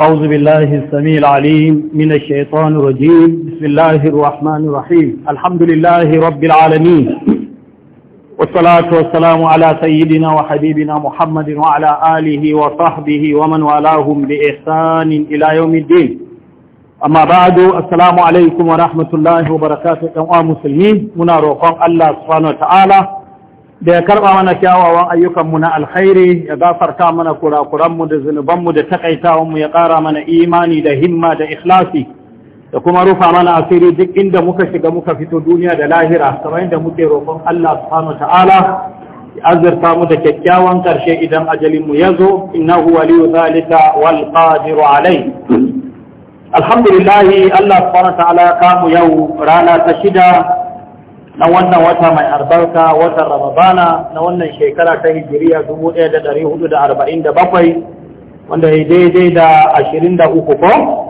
أعوذ بالله السميع العليم من الشيطان الرجيم بسم الله الرحمن الرحيم الحمد لله رب العالمين والصلاة والسلام على سيدنا وحبيبنا محمد وعلى آله وصحبه ومن والاهم بإحسان إلى يوم الدين أما بعد السلام عليكم ورحمة الله وبركاته أمام مسلمين منا الله سبحانه وتعالى da ya karɓa mana kyawawan ayyukanmu na alkhairi ya gafarta mana kurakuranmu da zunubanmu da takaitawanmu ya ƙara mana imani da himma da ikhlasi da kuma rufa mana asiri duk inda muka shiga muka fito duniya da lahira kamar da muke roƙon Allah subhanahu ta'ala ya azurta mu da kyakkyawan ƙarshe idan ajalinmu ya zo innahu waliyu zalika wal qadiru alai alhamdulillah Allah subhanahu ta'ala ya kamu yau rana ta shida na wannan wata mai albarka watan ramadana na wannan shekara ta hijiriya 1447 wanda ya daidai da 23 ko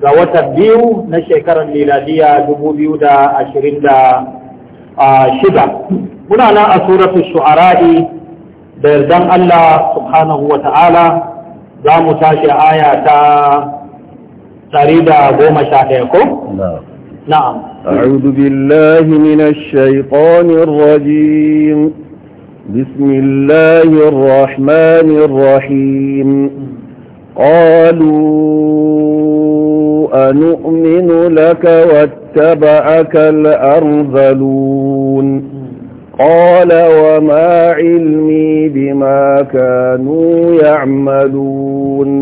ga watan biyu na shekarar miladiya 2026 muna nan a suratul shu'ara'i da yardan Allah subhanahu wa ta'ala za mu tashi aya ta 111 ko? na'am أعوذ بالله من الشيطان الرجيم بسم الله الرحمن الرحيم قالوا أنؤمن لك واتبعك الأرذلون قال وما علمي بما كانوا يعملون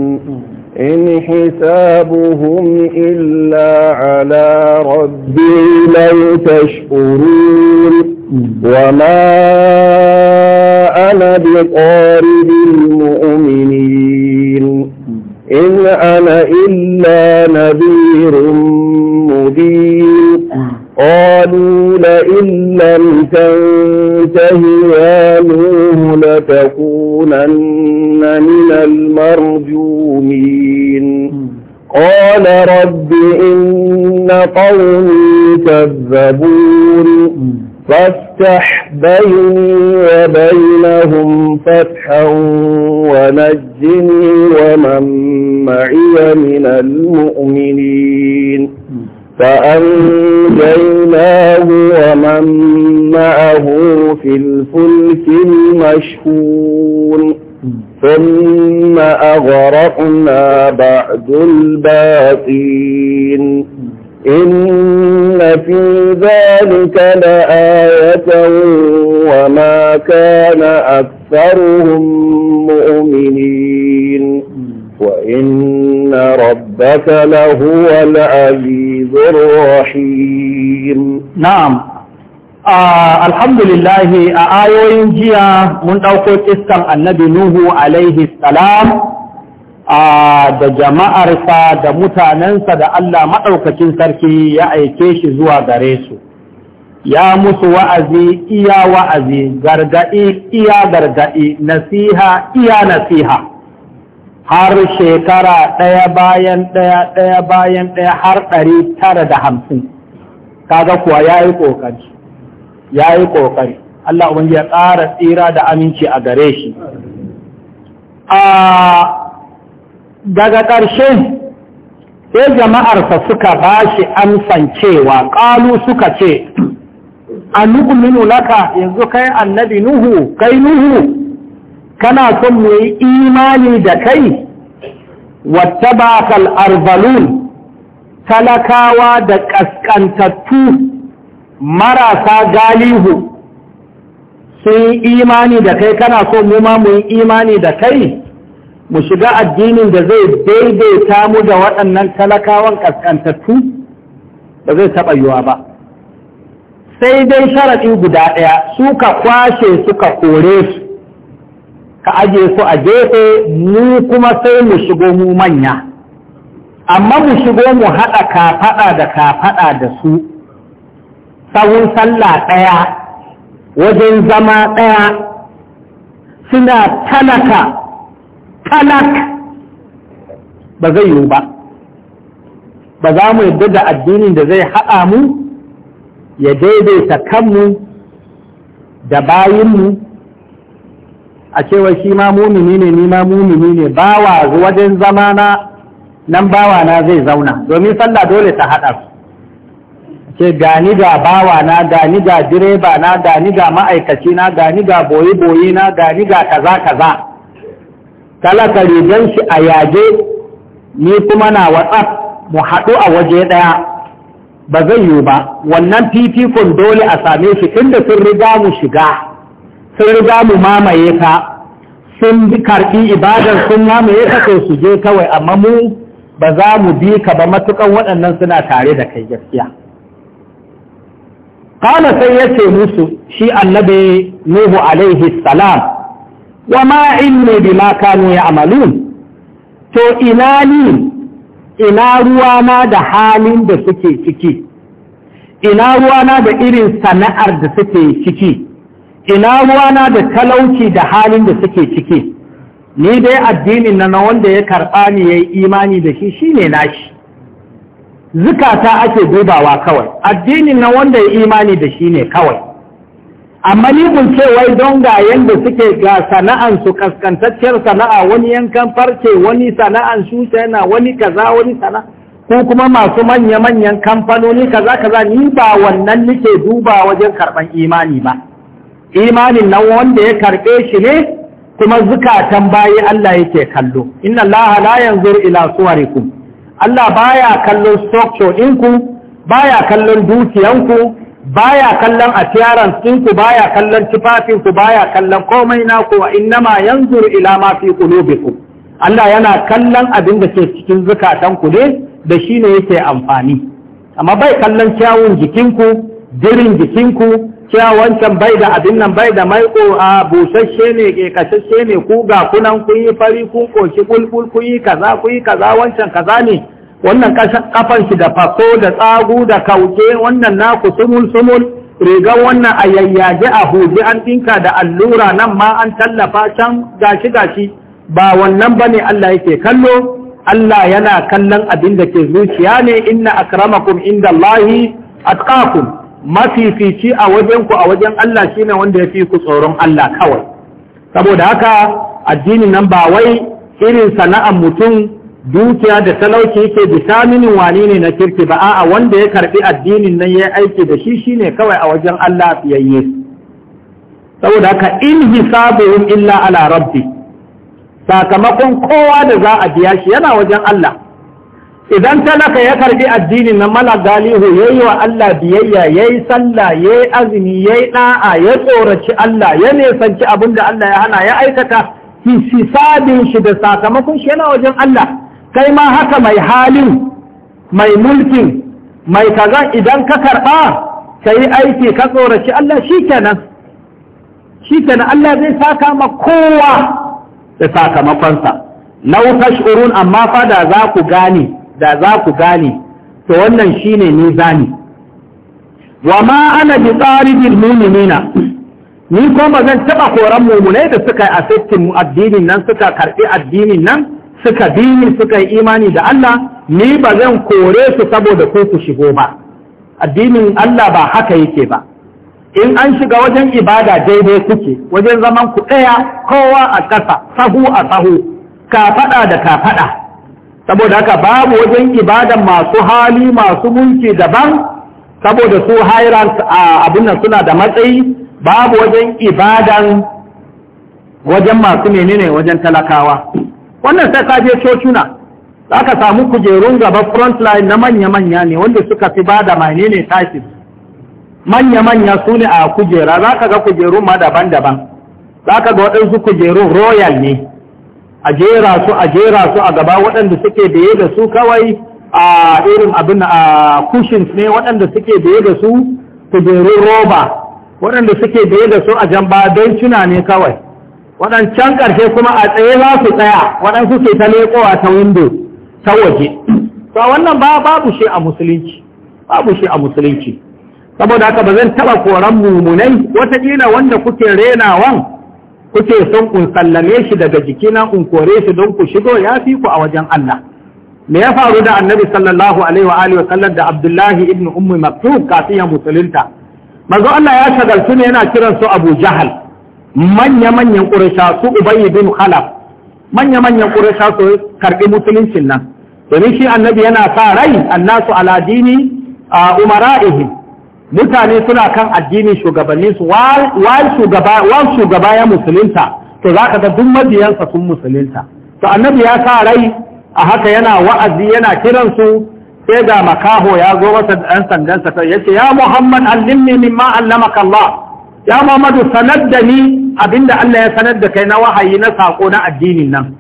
إن حسابهم إلا على ربي لو تشكرون وما أنا بطارد المؤمنين إن أنا إلا نذير مبين قالوا لئن لم تنته يا نوح لتكونن من المرجون قال رب إن قومي كذبون فافتح بيني وبينهم فتحا ونجني ومن معي من المؤمنين فأنجيناه ومن معه في الفلك المشهور ثم أغرقنا بعد الباقين إن في ذلك لآية وما كان أكثرهم مؤمنين وإن ربك لهو العزيز الرحيم نعم alhamdulillahi a ayoyin jiya mun ɗauko iskan annabi Nuhu alaihi salam da jama'arsa da mutanensa da Allah maɗaukacin sarki ya aike shi zuwa gare su. Ya musu wa'azi iya wa'azi, gargaɗi iya gargaɗi, nasiha iya nasiha, har shekara ɗaya bayan ɗaya ɗaya bayan ɗaya har ɗari tara da hamsin, kaga kuwa ya yi ƙoƙari. ya yi ƙoƙari Allah ubangi ya ƙara tsira da aminci a gare shi daga ƙarshe sai jama'arsa suka ba shi amsan cewa ƙalu suka ce a nukuminu laka yanzu kai annabi nuhu kai nuhu kana son mu yi imani da kai wata bakal arbalun talakawa da ƙasƙantattu marasa galihu sun yi imani da kai kana so mu ma mu yi imani da kai mu shiga addinin da zai daidaita mu da waɗannan talakawan ƙasƙantattu ba zai taɓa yiwa ba sai dai sharaɗi guda ɗaya suka kwashe suka kore su ka aje su a gefe mu kuma sai mu shigo mu manya amma mu shigo mu haɗa kafaɗa da kafaɗa da su tsawon sallah ɗaya wajen zama ɗaya suna talaka talak ba zai yiwu ba ba za mu yadda da addinin da zai haɗa mu ya daidaita kanmu da bayinmu a cewa shi ma mumini ne ni ma mumini ne bawa wajen zama na nan bawa na zai zauna domin sallah dole ta haɗa su ce gani ga bawa na gani ga direba na gani ga ma'aikaci na gani ga boye-boye na gani ga kaza-kaza talaka rigar shi a yage ni kuma na whatsapp mu haɗu a waje ɗaya ba zai yiwu ba wannan fifikon dole a same shi tunda sun riga mu shiga sun riga mu mamaye ka sun karɓi ibadar sun mamaye ka ko su je kawai amma mu ba za mu bi ka ba matukan waɗannan suna tare da kai gaskiya. قال سيتي موسو شي النبي نوح عليه السلام وما علمي بما كانوا يعملون to ina ni ina ruwana da halin da suke ciki ina ruwana da irin sana'ar da suke ciki ina ruwana da talauci da halin da suke ciki ni dai addinin na wanda ya karɓa ni ya yi imani da shi shine nashi zukata ake dubawa kawai addinin na wanda ya imani da shi ne kawai amma ni kun ce wai don ga yanda suke ga sana'an su kaskantacciyar sana'a wani yankan farce wani sana'an su yana wani kaza wani sana'a ko kuma masu manya-manyan kamfanoni kaza kaza ni ba wannan nike duba wajen karɓar imani ba imanin nan wanda ya karɓe shi ne kuma zukatan bayi Allah yake kallo inna Allah la yanzur ila suwarikum Allah baya kallon structure ɗinku baya kallon dukiyanku baya kallon appearance ɗinku baya kallon tufafinku baya kallon komai naku wa nama yanzu ila ma fi biku Allah yana kallon abin da ke cikin zukatanku ne da shi shine yake amfani amma bai kallon kyawun jikinku dirin jikinku cewa wancan bai da abin nan bai da maiko a busasshe ne ke ne ku ga kunan kun yi fari kun koshi bulbul kun yi kaza kun yi kaza wancan kaza ne wannan kafan shi da faso da tsagu da kauke wannan naku sumul sumul rigar wannan a a huje an dinka da allura nan ma an tallafa can gashi gashi ba wannan bane Allah yake kallo Allah yana kallon abin da ke zuciya ne inna akramakum indallahi atqakum mafifici a wajenku a wajen Allah shi ne wanda ya fi ku tsoron Allah kawai saboda haka addini nan ba wai irin sana'ar mutum dukiya da talauci yake bitaminin wani ne na kirki ba a wanda ya karbi addinin nan ya yi aiki da shi shi ne kawai a wajen Allah fiyayye saboda haka in hisabuhum illa ala rabbi sakamakon kowa da za a biya shi yana wajen Allah idan talaka ya karbi addinin na mala galihu ya yi wa Allah biyayya ya yi sallah ya yi azumi ya yi ɗa'a ya tsoraci Allah ya nesanci abin da Allah ya hana ya aikata hisabin shi da sakamakon shi yana wajen Allah kai ma haka mai halin mai mulkin mai kaza idan ka karɓa ka yi aiki ka tsoraci Allah shi kenan shi kenan Allah zai saka ma kowa da sakamakonsa Nau tash'urun amma fada za ku gane da za ku gane to wannan shine zani wa ma ana bi tsaridil mu'minina ni ko ba zan taba koran mu'minai da suka asistin mu addinin nan suka karbi addinin nan suka bini suka yi imani da Allah ni ba zan kore su saboda ko ku shigo ba addinin Allah ba haka yake ba in an shiga wajen ibada daidai kuke wajen zaman ku ɗaya kowa a ƙasa sahu a sahu kafaɗa da kafaɗa saboda haka babu wajen ibadan masu hali masu mulki daban saboda su hierarchs a abin nan suna da matsayi babu wajen ibadan wajen masu menene wajen talakawa wannan sai ka je cocuna za ka samu kujerun gaba front line na manya-manya ne wanda suka fi bada da menene tashi manya-manya su ne a kujera za ka ga kujerun ma daban-daban za ka ga waɗansu kujerun royal ne a jera su a jera su a gaba waɗanda suke biye da su kawai a irin abin a cushions ne waɗanda suke biye da su kujerun roba waɗanda suke biye da su a jamba don cina ne kawai waɗancan ƙarshe kuma a tsaye za su tsaya waɗansu ke ta leƙowa ta windo ta waje to wannan ba babu shi a musulunci babu shi a musulunci saboda haka ba zan taɓa koran mumunai wataƙila wanda kuke renawan kuke son kun sallame shi daga jikina kun kore shi don ku shigo ya fi ku a wajen Allah me ya faru da annabi sallallahu alaihi wa alihi wa sallam da abdullahi ibn ummi maktub kafin ya musulunta manzo Allah ya shagaltu ne yana kiran su Abu Jahal manya manyan Quraysha su Ubay bin Khalaf manya manyan Quraysha su karbi musuluncin nan domin shi annabi yana sa rai annasu ala dini umara'ihim mutane suna kan addinin shugabanni su wal shugaba ya musulunta to za ka ga duk mabiyansa sun musulunta to annabi ya sa rai a haka yana wa'azi yana kiransu sai ga makaho ya zo masa ɗan sa ya yace ya muhammad allimni mimma allamaka allah ya muhammadu sanar da ni abinda allah ya sanar da kai na wahayi na sako na addinin nan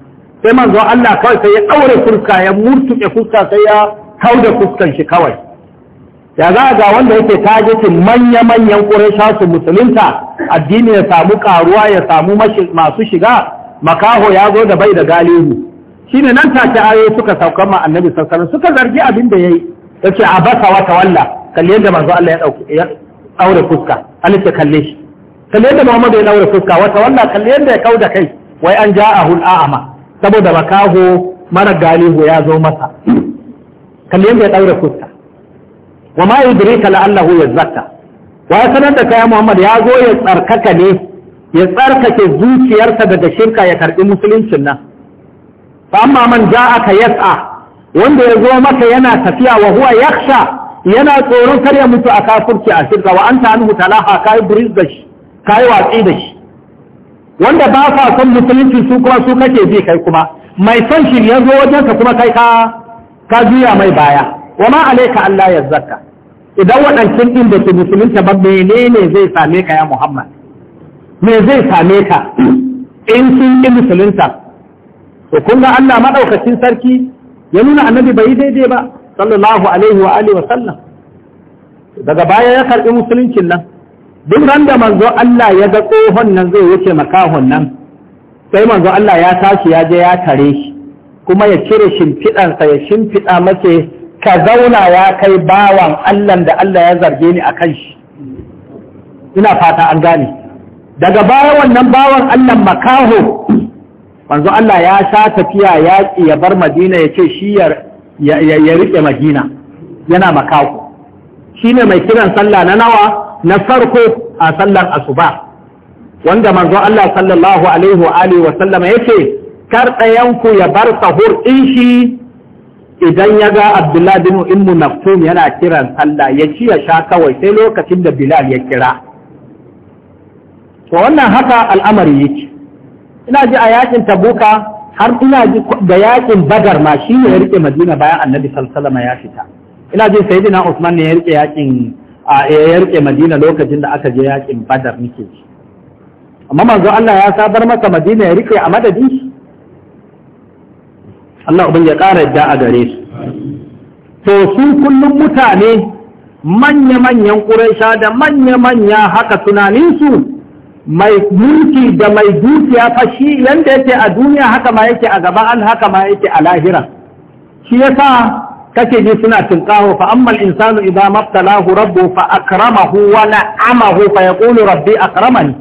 sai manzo allah kawai sai ya ɗaure fuska ya murtuke fuska sai ya hau da fuskan shi kawai ya za ga wanda yake tagetin manya-manyan ƙuresha su musulunta addini ya samu karuwa ya samu masu shiga makaho ya zo da bai da galihu shi ne nan take ayoyi suka saukan ma annabi sassanin suka zargi abin da ya yi ya ce a basa wata walla kalli yadda manzo Allah ya ɗaure fuska Allah kalle shi kalli yadda Muhammadu ya ɗaure fuska wata walla kalli yadda ya kau da kai wai an ja a ma. saboda makaho mara galihu ya zo masa kalli yadda ya ɗaure fuska wa ma yudrika la'allahu yazakka wa ya sanar da kai Muhammad ya zo ya tsarkaka ne ya tsarkake zuciyarsa daga shirka ya karbi musuluncin nan fa amma man ja'aka yas'a wanda ya zo maka yana tafiya wa huwa yakhsha yana tsoron kar ya mutu a kafirci a shirka wa anta anhu talaha kai buriz da shi kai watsi da shi wanda ba sa son musulunci su kuma su kake bi kai kuma mai son shi ya zo wajensa kuma kai ka ka juya mai baya wa ma alayka Allah ya zakka idan waɗancan ɗin da ke musulunta ba menene zai same ka ya Muhammad me zai same ka in sun ƙi musulunta to kun ga Allah maɗaukacin sarki ya nuna annabi bai yi daidai ba sallallahu alaihi wa alihi wa sallam daga baya ya karɓi musuluncin nan duk ran da manzo Allah ya ga tsohon nan zai wuce makahon nan sai manzo Allah ya tashi ya je ya tare shi kuma ya cire shimfiɗansa ya shimfiɗa mace ka zauna ya kai bawan Allah da Allah ya zarge ni a kan shi ina fata an gane daga baya wannan bawan Allah makaho manzo Allah ya sha tafiya yaƙi ya bar Madina ya ce shi ya riƙe Madina yana makaho Shi ne mai kiran sallah na nawa na farko a sallar asuba wanda manzo Allah sallallahu alaihi wa sallama wa ce, yace kar ɗayanku ya bar sahur in shi idan ya ga abdullahi bin ummu maktum yana kiran sallah ya ci ya sha kawai sai lokacin da bilal ya kira to wannan haka al'amari yake ina ji a yakin tabuka har ina ji da yakin badar ma shine ya rike madina bayan annabi sallallahu ya fita ina ji sayyidina usman ne ya rike yakin ya rike madina lokacin da aka je yakin badar nake ji amma manzo Allah ya sabar masa madina ya rike a madadin Allah ubangi ya ƙara yadda a gare su to su kullum mutane manya-manyan ƙuraisha da manya-manya haka tunaninsu mai mulki da mai dukiya fa shi yanda yake a duniya haka ma yake a gaba an haka ma yake a lahira shi yasa kake ji suna tinkaho fa ammal insanu idza mabtalahu rabbu fa akramahu wa na'amahu fa yaqulu rabbi akramani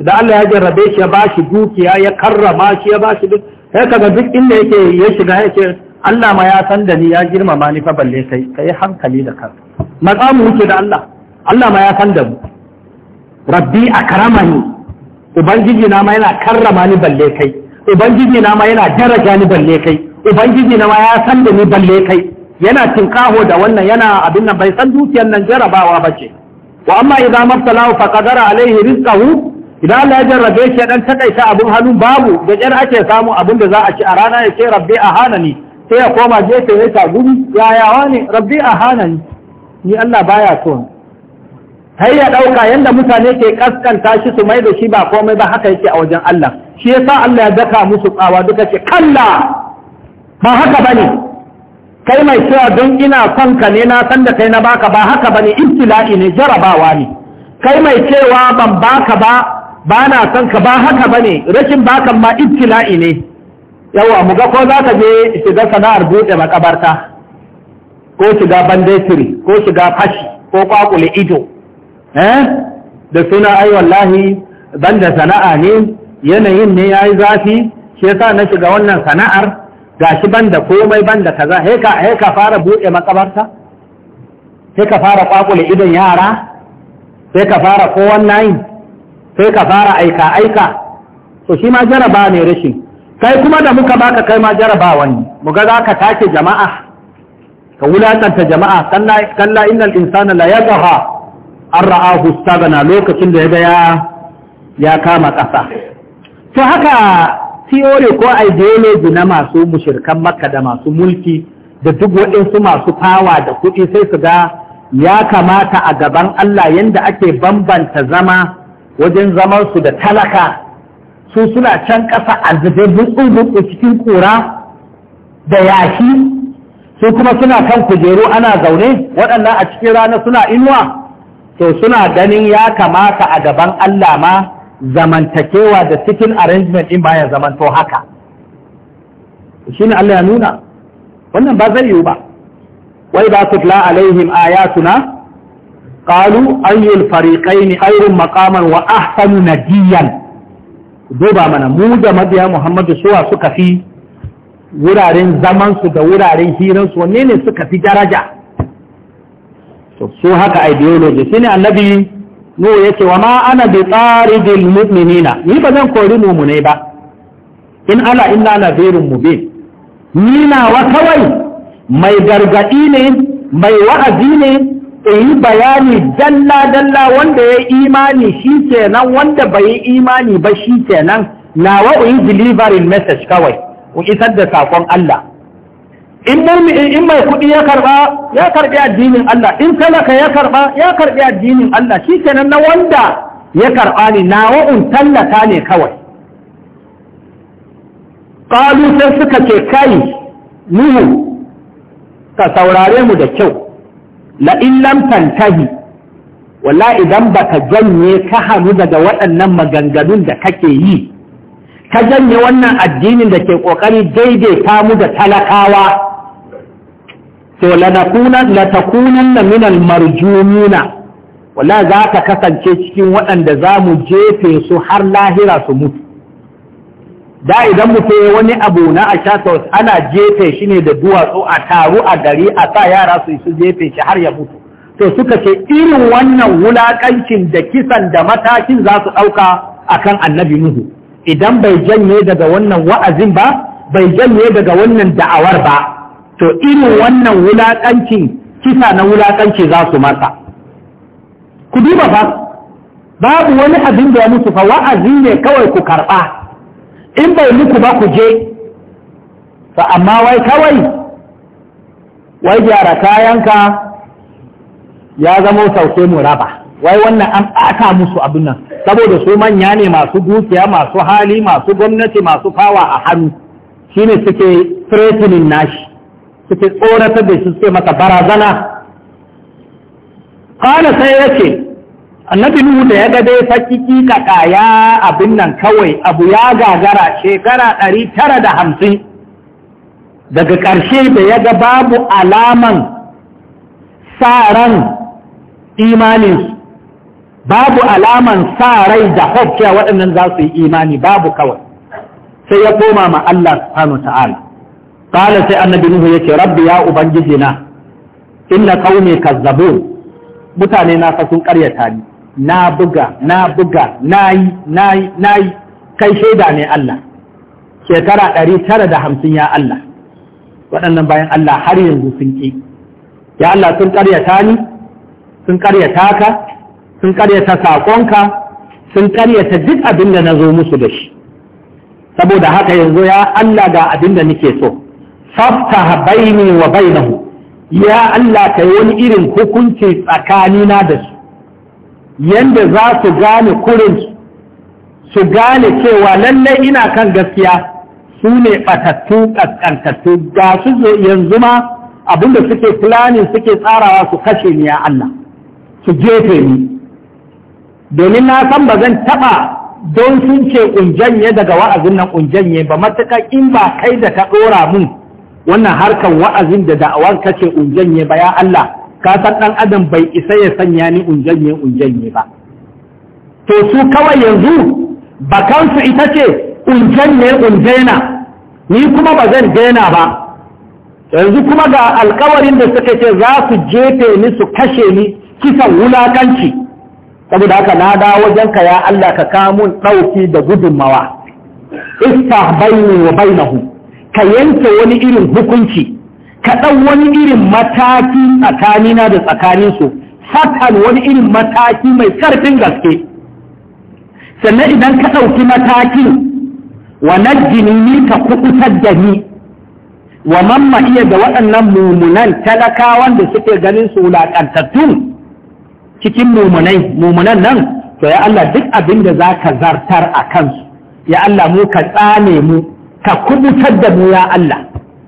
da Allah ya jarrabe shi ya bashi dukiya ya karrama shi ya bashi duk sai kaga duk inda yake ya shiga yake Allah ma ya san da ni ya girmama ni fa balle kai kai hankali da kan matsamu wuce da Allah Allah ma ya san da mu rabbi akramani ubangiji na ma yana karrama ni balle kai ubangiji na ma yana daraja ni balle kai ubangiji na ma ya san da ni balle kai yana tinkaho da wannan yana abin nan bai san dukiyar nan jarabawa bace wa amma idan mabtalahu faqadara alaihi rizqahu idan Allah ya jarrabe shi dan takaita abun hannu babu da kyar ake samu abun da za a ci a rana ya rabbi a sai ya koma gefe ya ta gudu yayawa ne rabbi a ni Allah baya so sai ya dauka yanda mutane ke kaskanta shi su mai da shi ba komai ba haka yake a wajen Allah shi yasa Allah ya daka musu tsawa duka ce kalla ba haka bane kai mai cewa don ina son ka ne na san da kai na baka ba haka bane ibtila'i ne jarabawa ne kai mai cewa ban baka ba ba na son ka ba haka ba ne rashin bakan ma ibtila'i ne yawa mu ga ko za ka je shiga sana'ar buɗe makabarta ko shiga banditiri ko shiga fashi ko kwakule ido eh? da suna ai wallahi banda sana'a ne yanayin ne yayi zafi shi yasa na shiga wannan sana'ar gashi banda komai banda kaza he ka fara buɗe makabarta ka fara kwakule idon yara sai ka fara ko sai ka fara aika aika So shi ma jaraba ne rashin kai kuma da muka baka kai ma jarabawa ne muga za ka take jama'a ka wulakanta jama'a kalla innal insana la yadha an ra'ahu lokacin da yaga ya ya kama kasa to haka theory ko ideology na masu mushirkan makka da masu mulki da duk waɗansu masu fawa da kuɗi sai su ga ya kamata a gaban Allah yanda ake bambanta zama wajen zaman su da talaka su suna can ƙasa a zube butsu cikin kura da yashi su kuma suna kan kujeru ana zaune waɗannan a cikin rana suna inuwa to suna ganin ya kamata a gaban Allah ma zamantakewa da cikin arrangement ɗin baya zamanto haka shi ne Allah ya nuna wannan ba zai yiwu ba wai ba tutla alaihim ayatuna qalu ayyul fariqaini ayrun maqaman wa ahsanu nadiyan duba mana mu da mabiya Muhammadu suwa suka fi wuraren zaman su da wuraren hiran su wanne ne suka fi daraja su haka ideology shine annabi no yace wa ma ana bi taridil mu'minina ni ba zan kori mu'minai ba in ala inna nadhirun mubin ni na wa kawai mai gargaɗi ne mai wa'azi ne yi bayani dalla-dalla wanda ya imani shi kenan wanda bai yi imani ba shi kenan nawa yi delivering message kawai ku isar da sakon Allah in in mai kuɗi ya karɓa ya karɓi addinin Allah in talaka ya karɓa ya karɓi addinin Allah shi kenan na wanda ya karɓa ne nawa un tallata ne kawai ƙalu sai suka ce kai nuhu ka saurare mu da kyau la illam tantahi walla idan baka janye ka hannu daga waɗannan maganganun da kake yi ka janye wannan addinin da ke ƙoƙari daidaita mu da talakawa to latakunanna minal marjumuna walla za ka kasance cikin waɗanda za mu jefe su har lahira su mutu da idan mutum wani abu na a shatos ana jefe shi ne da duwatsu a taru a gari a sa yara su su jefe shi har ya mutu to suka ce irin wannan wulaƙancin da kisan da matakin za su ɗauka akan annabi nuhu idan bai janye daga wannan wa'azin ba bai janye daga wannan da'awar ba to irin wannan wulakancin kisa na wulakanci za su masa ku duba ba babu wani abin da ya mutu fa wa'azi ne kawai ku karɓa in bai muku ba ku je fa amma wai kawai wai gyara kayanka ya zama sauke mu raba wai wannan an ɓata musu abin nan saboda su manya ne masu dukiya masu hali masu gwamnati masu fawa a hannu shine suke threatening nashi suke tsoratar da shi suke masa barazana kana sai yake annabi nuhu da ya gade dai fakiki kaka ya abin nan kawai abu ya gagara shekara ɗari tara da hamsin daga ƙarshe da ya ga babu alaman sa ran imaninsu babu alaman sa rai da hopciya waɗannan za su yi imani babu kawai sai ya koma ma Allah subhanahu ta'ala qala sai annabi nuhu yace rabbi ya ubangiji na inna qaumi kazzabun mutane na fa sun ƙaryata ni na buga na buga na yi na yi na yi kai shaida ne Allah shekara ɗari tara da hamsin ya Allah waɗannan bayan Allah har yanzu sun ƙi ya Allah sun ƙaryata ni sun ƙaryata ka sun ƙaryata saƙonka sun ƙaryata duk abin da na zo musu da shi saboda haka yanzu ya Allah ga abin da nake so safta baini wa bainahu ya Allah kai wani irin hukunci tsakanina da su yanda za su gane kurin su gane cewa lallai ina kan gaskiya su ne batattu kaskantattu ga su yanzu ma abinda suke planning suke tsarawa su kashe ni ya Allah su jefe ni domin na san ba zan taɓa don sun ce ƙunjanye daga wa'azin nan ƙunjanye ba matuƙa in ba kai da ta ɗora mun wannan harkar wa'azin da da'awar kace ƙunjanye ba ya Allah ka san ɗan adam bai isa ya sanya ni unjanye unjanye ba to su kawai yanzu bakansu ita ce unjanye unjena ni kuma ba zan dena ba yanzu kuma ga alkawarin da suka ce za su jefe ni su kashe ni kisan wulakanci saboda haka na da wajenka ya Allah ka kamun ɗauki da gudunmawa istahbaini wa bainahu ka yanke wani irin hukunci kaɗan wani irin mataki tsakanina da tsakaninsu fatan wani irin mataki mai ƙarfin gaske sannan idan ka ɗauki matakin wa jini ni ka kuɗutar da ni wa mamma iya da waɗannan mumunan talakawan da suke ganin su wulaƙantattun cikin mumunai mumunan nan to ya Allah duk abin da za ka zartar a kansu ya Allah mu ka tsane mu ka kubutar da mu ya Allah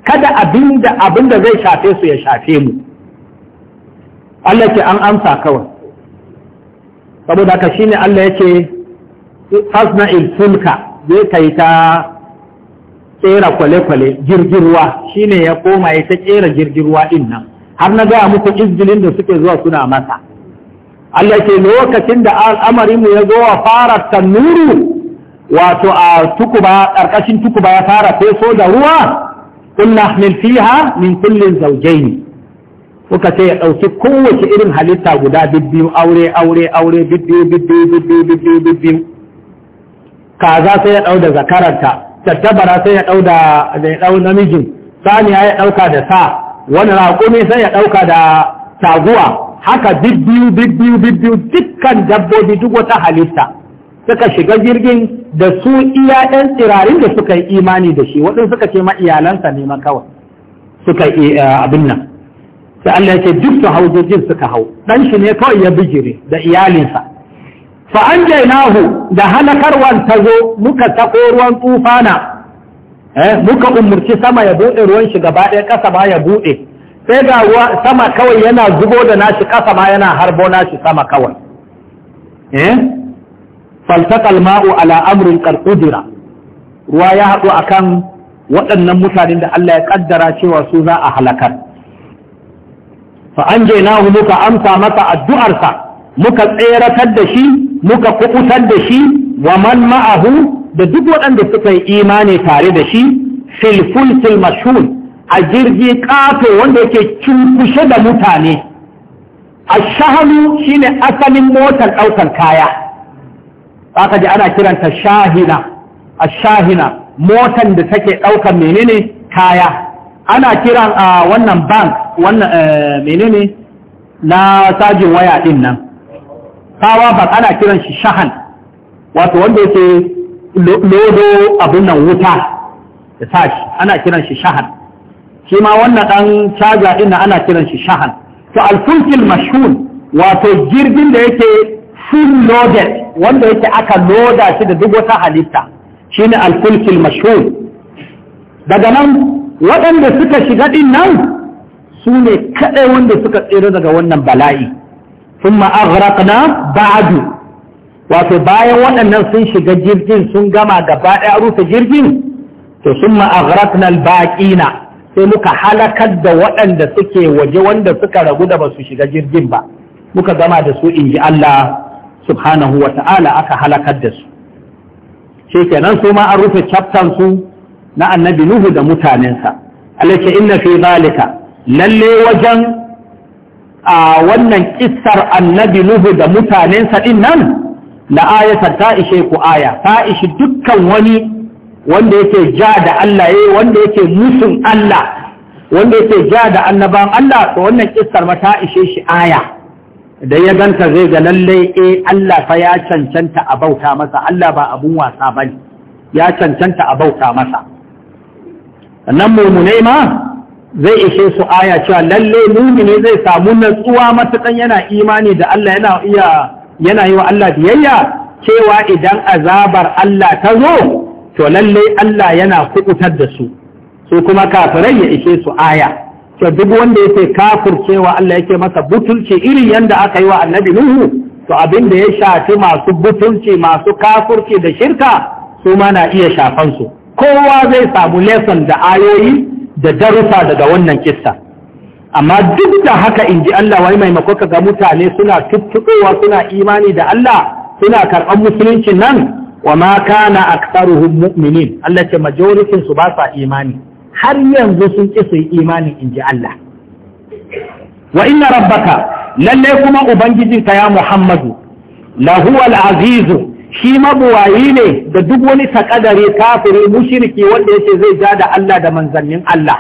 kada abinda abinda zai shafe su ya shafe mu Allah ce an amsa kawai saboda haka shine Allah yake fasna'il fulka zai kai ta tsera kwale-kwale jirgirwa shine ya koma ya ta tsera jirgirwa din nan har na gaya muku izinin da suke zuwa suna masa Allah ke lokacin da al'amarinmu ya zo wa fara tannuru wato a tukuba ƙarƙashin tukuba ya fara feso da ruwa قلنا احمل فيها من كل زوجين muka ce ya ɗauki kowace irin halitta guda bibbiyu aure aure aure bibbiyu bibbiyu bibbiyu bibbiyu bibbiyu kaza sai ya ɗau da zakaranta tattabara sai ya ɗau da ya ɗau namijin saniya ya ɗauka da sa wani raƙumi sai ya ɗauka da taguwa haka bibbiyu bibbiyu bibbiyu dukkan dabbobi duk wata halitta suka shiga jirgin da su iya ɗan tsirarin da suka yi imani da shi waɗansu suka ce ma'iyalansa ne kawai suka yi eh, abin nan sai Allah ya ce duk su hau jirgin suka hau ɗan shi ne kawai ya bijire da iyalinsa fa an nahu da halakarwan ta zo muka tako ruwan na eh, muka umurci sama ya buɗe ruwan shi gaba ɗaya ƙasa ma ya buɗe sai ga sama kawai yana zubo da nashi ƙasa ma yana harbo nashi sama kawai eh? faltakal ma'u ala amrin qad ruwa ya haɗu akan waɗannan mutanen da Allah ya ƙaddara cewa su za a halakar fa anjaynahu muka amsa masa addu'arsa muka tseratar da shi muka kukutar da shi wa man ma'ahu da duk waɗanda suka yi imani tare da shi fil fulkil a jirgi ƙato wanda yake cunkushe da mutane a shahanu shine asalin motar ɗaukar kaya aka ji ana kiranta shahina a shahina motan da take ɗaukar menene kaya ana kiran a wannan bank wannan eh, menene na sajin waya ɗin nan kawa bank ana kiran shi shahan wato wanda yake lodo abin nan wuta da tashi ana kiran shi shahan shi ma wannan ɗan caja ɗin ana kiran shi shahan to alfulkil mashhun wato jirgin da yake full loaded wanda yake aka loda shi da duk wata halitta shine alfulkil mashhur daga nan waɗanda suka shiga din nan su ne kaɗai wanda suka tsere daga wannan bala'i sun na ba'adu wato bayan waɗannan sun shiga jirgin sun gama gaba ɗaya rufe jirgin to sun ma'agharaqna al baƙina sai muka halakar da waɗanda suke waje wanda suka ragu da ba su shiga jirgin ba muka gama da su in ji Allah subhanahu wa ta'ala aka halakar da su shi kenan su ma an rufe captan su na annabi nuhu da mutanensa alaike inna fi zalika lalle wajen a wannan kissar annabi nuhu da mutanensa din nan la ayatar ta ishe ku aya ta ishi dukkan wani wanda yake ja da Allah yayi eh, wanda yake musun Allah wanda yake ja da annaban Allah to wannan kissar ma ta ishe shi aya da ya ganta zai ga lallai, e eh, Allah fa ya cancanta a bauta masa Allah ba abun wasa bane ya cancanta a bauta masa sannan mumunai ma zai ishe su aya cewa lallai mumini zai samu natsuwa matukan yana imani da Allah yana iya yana yi wa Allah biyayya cewa idan azabar Allah ta zo to lallai Allah yana kubutar da su su kuma kafirai ya ishe su aya ke duk wanda yake cewa Allah yake masa butulci irin yanda aka yi wa annabi Nuhu to abin da ya shafi masu butulci masu kafirci da shirka su ma na iya shafan su kowa zai samu lesson da ayoyi da darussa daga wannan kissa amma duk da haka in ji Allah wai maimako ka ga mutane suna tuttuɓewa suna imani da Allah suna karɓar musuluncin nan wa ma kana aktsaruhum mu'minin Allah ce majoritin su ba sa imani har yanzu sun ƙi su yi imanin in ji Allah wa inna rabbaka lalle kuma ubangijinka ya Muhammadu lahuwal azizu shi mabuwayi ne da duk wani takadare kafiri mushriki wanda yace zai ja da Allah da manzannin Allah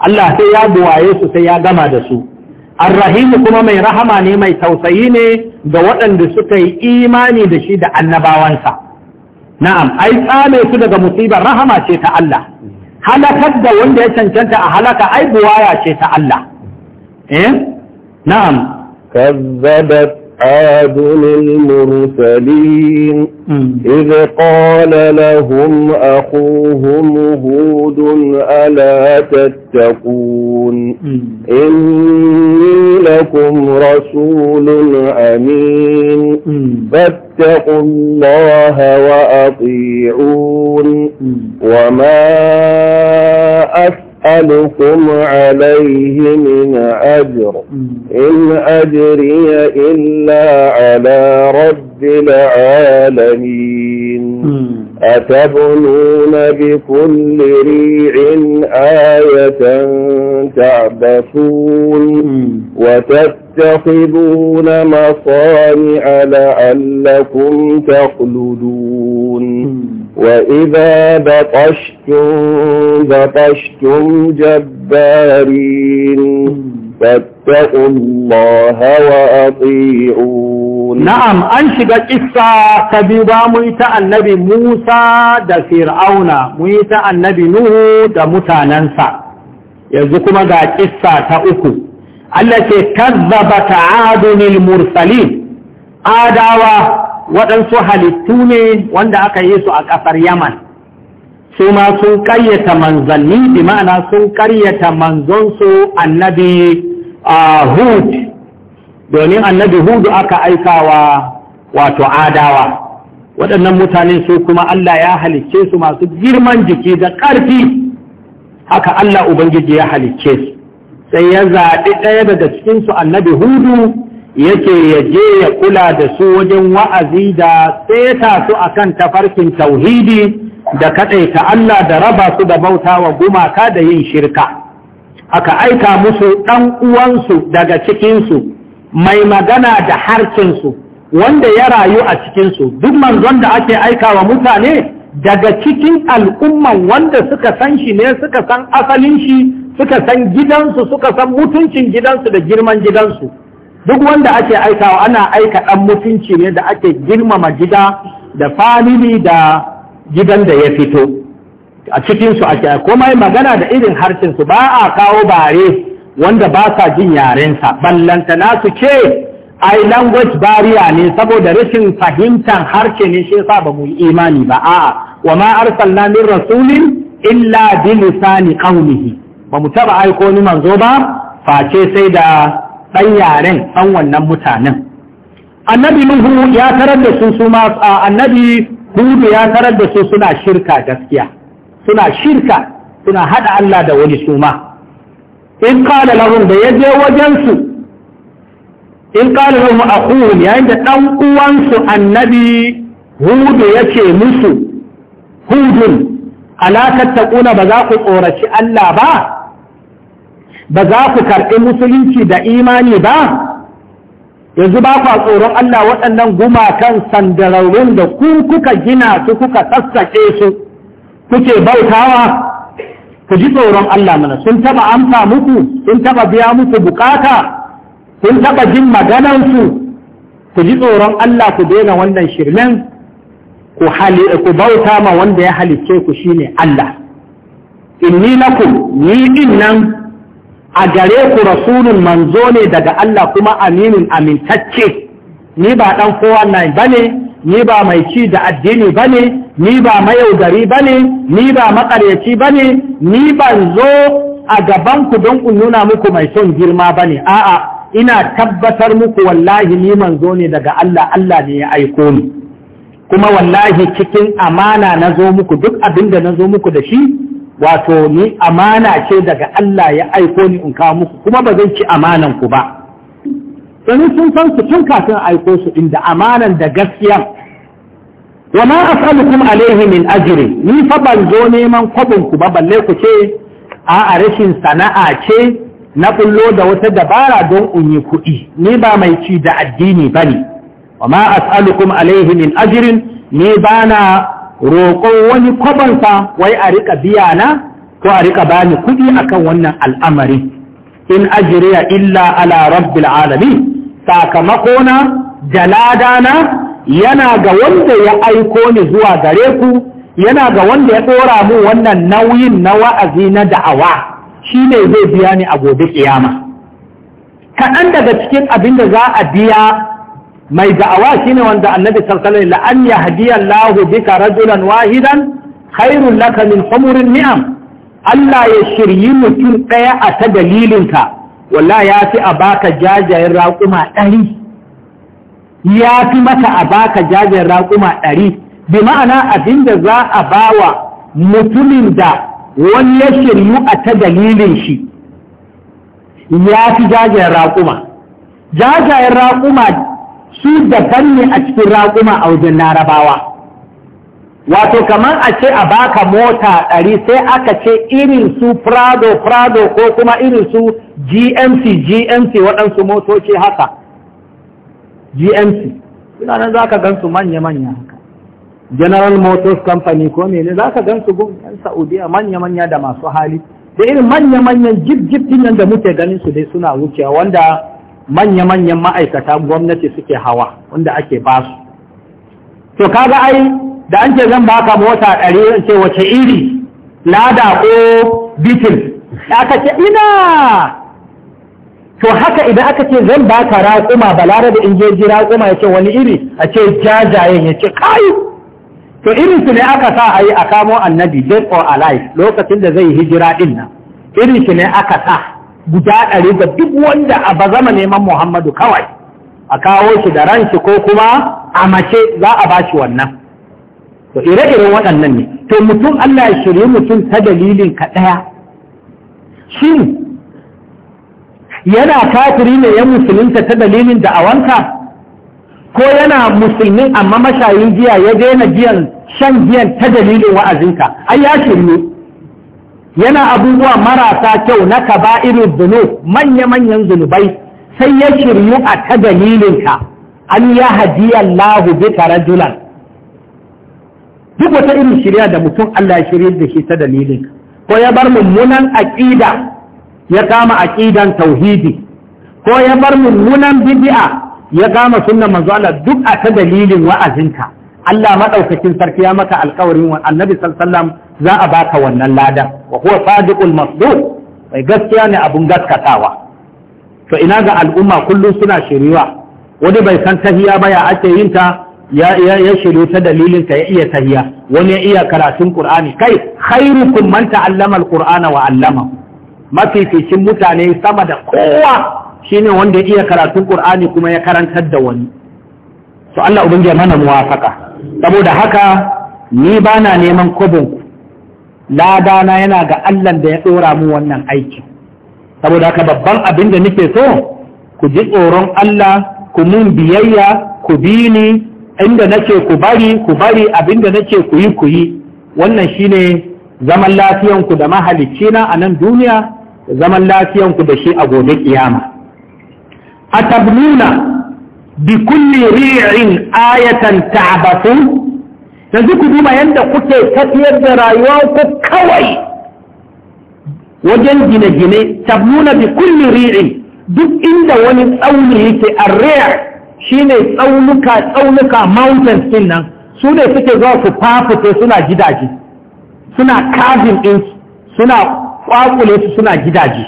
Allah sai ya buwaye su sai ya gama da su arrahimu kuma mai rahama ne mai tausayi ne ga waɗanda suka yi imani da shi da annabawansa na'am ai tsame su daga musibar rahama ce ta Allah halakar da wanda ya cancanta a halaka ai buwaya ce ta Allah eh na'am kazzabat أصحاب المرسلين إذ قال لهم أخوهم هود ألا تتقون إني لكم رسول أمين فاتقوا الله وأطيعون وما أس أسألكم عليه من أجر إن أجري إلا على رب العالمين أتبنون بكل ريع آية تعبثون وتتخذون مصانع لعلكم تخلدون وإذا بطشتم بطشتم جبارين فاتقوا الله وأطيعون نعم أنشد قصة كبيرة ميتة النبي موسى دا فرعون ميتة النبي نوح دا متاننسا يزكما دا قصة تأكو التي كذبت عاد المرسلين آدوا waɗansu halittu ne wanda aka yi su a ƙasar yaman su ma sun ƙaryata manzanni bi ma'ana sun ƙaryata manzonsu annabi hud domin annabi hudu aka aikawa wato adawa waɗannan mutane su kuma Allah ya halicce su masu girman jiki da ƙarfi haka Allah Ubangiji ya halicce su sai ya zaɓi ɗaya daga cikinsu annabi hudu yake ya je ya kula da su wajen wa'azi da tseta su a kan tafarkin tauhidi da kaɗaita Allah da raba su da bauta wa gumaka da yin shirka aka aika musu ɗan uwansu daga cikinsu mai magana da harkinsu wanda ya rayu a cikinsu duk manzon da ake aika wa mutane daga cikin al'umman wanda suka san shi ne suka san asalin shi suka san gidansu suka san mutuncin gidansu da girman gidansu duk wanda ake aikawa ana aika ɗan mutunci ne da ake girmama gida da famili da gidan da ya fito a cikinsu ake komai magana da irin harshensu ba a kawo bare wanda ba sa jin yarensa ballanta nasu ce ai language barrier ne saboda rashin fahimtar harshe ne shi yasa ba mu yi imani ba a'a wa ma arsalna min rasulin illa bi lisani qaumihi ba mu taba aiko ni manzo ba face sai da ɗan yaren ɗan wannan mutanen annabi nuhu ya tarar da su su annabi hudu ya tarar da su suna shirka gaskiya suna shirka suna haɗa Allah da wani su ma in lahum da yaje je wajensu, in qala lahum yayin da ɗan uwansu annabi hudu yace musu hudun ala ƙuna ba za ku tsoraci Allah ba ba za ku karɓi musulunci da imani ba yanzu ba kwa tsoron Allah waɗannan gumakan sandararrun da ku kuka gina su kuka sassaƙe su kuke bautawa ku ji tsoron Allah mana sun taɓa amsa muku sun taɓa biya muku bukata sun taɓa jin maganansu ku ji tsoron Allah ku daina wannan shirmen ku bauta ma wanda ya halicce ku shine Allah inni lakum ni din nan a gare ku rasulun manzo ne daga Allah kuma aminin amintacce ni ba dan kowa nan bane ni ba mai ci da addini bane ni ba mayaudari bane ni ba makaryaci bane ni ban zo a gaban ku don in nuna muku mai son girma bane a'a ina tabbatar muku wallahi ni manzo ne daga Allah Allah ne ya aiko ni kuma wallahi cikin amana na zo muku duk abin da na zo muku da shi wato ni amana ce daga Allah ya aiko ni in kawo muku kuma ba zan ci amanan ku ba domin sun san su tun kafin aiko su inda amanan da gaskiya wa ma as'alukum alaihi min ajri ni fa ban zo neman kwabin ku ba balle ku ce a a rashin sana'a ce na kullo da wata dabara don in yi kuɗi ni ba mai ci da addini bane wa ma as'alukum alaihi min ajrin ni bana roƙon wani kwabansa wai a riƙa biya na ko a riƙa bani kuɗi akan wannan al'amari in ajriya illa ala rabbil alamin sakamakona na, yana ga wanda ya aiko ni zuwa gare ku yana ga wanda ya ɗora mu wannan nauyin na wa'azi na da'awa shine zai biya ni a gobe kiyama kaɗan daga cikin abin da za a biya mai da'awa shine wanda annabi sallallahu alaihi wasallam la'an yahdiyallahu bika rajulan wahidan khairul laka min humurin ni'am Allah ya shiryi mutum ɗaya a ta dalilinka wallahi ya fi a baka jajayen raƙuma ɗari ya fi mata a baka jajayen raƙuma ɗari bi ma'ana abinda za a bawa mutumin da wani ya shiryu a ta dalilin shi ya fi jajayen raƙuma jajayen raƙuma su daban ne a cikin raƙuma a wajen larabawa wato kamar a ce a baka mota ɗari sai aka ce irin su prado prado ko kuma irin su gmc gmc waɗansu motoci haka gmc suna nan za ka gansu manya-manya haka general motors company ko ne za ka gansu gun yan saudiya manya-manya da masu hali da irin manya-manyan jib-jib nan da muke ganin su dai suna wucewa wanda manya-manyan ma'aikata gwamnati suke hawa wanda ake ba su to kaga ai da an ce zan baka mota ɗari yin ce wace iri lada ko bitin aka ce ina to haka idan aka ce zan baka raƙuma balarabe in je raƙuma ya ce wani iri a ce jajayen ya ce kayu to irin su ne aka sa a yi a kamo annabi dead or alive lokacin da zai hijira ɗin nan irin su ne aka sa guda ɗari ga duk wanda a ba zama neman Muhammadu kawai a kawo shi da shi ko kuma a mace za a ba shi wannan to ire-iren waɗannan ne to mutum Allah ya shirye mutum ta dalilin ka ɗaya shi yana kafiri ne ya musulunta ta dalilin da wanka? ko yana musulmin amma mashayin giya ya daina giyan shan giyan ta dalilin wa'azinka ai ya shirye yana abubuwa marasa kyau na irin zunub manya-manyan zunubai sai ya shiryu a ta dalilinka an ya haji Allahu tare rajulan duk wata irin shirya da mutum Allah shirya da shi ta dalilinka ko ya bar mummunan aƙida ya kama aƙidan tauhidi ko ya bar mummunan bid'a ya kama sunan manzo Allah duk a ta dalilin wa'azinka Allah maɗaukacin sarki ya maka alkawarin wa annabi sallallahu za a baka wannan lada wa huwa sadiqul masduq mai gaskiya ne abun gaskatawa to ina ga al'umma kullum suna shiriwa wani bai san tahiya ba ya ake yin ta ya ya shiryu ta dalilin ta ya iya tahiya wani ya iya karatun qur'ani kai khairukum man ta'allama al wa 'allama mafificin mutane sama da kowa shine wanda ya iya karatun qur'ani kuma ya karantar da wani to Allah ubangiji mana muwafaka saboda haka ni ba na neman kubinku ladana yana ga allan da ya ɗora mu wannan aiki saboda haka babban abin da nake so ku ji tsoron allah ku mun biyayya ku bi ni inda nake ku bari ku bari abin da nake ku yi ku yi wannan shine zaman lafiyanku da mahalicina a nan duniya zaman lafiyanku da shi a gobe kiyama a tabnuna bikulli ri'in ayatan ta'basu yanzu ku duba yadda kuke tafiyar da rayuwa ku kawai wajen gine-gine tabnuna bi kulli ri'in duk inda wani tsauni yake arrear shine tsaunuka tsaunuka mountains din nan su ne suke zuwa su fafute suna gidaje suna kazin din suna kwakule su suna gidaje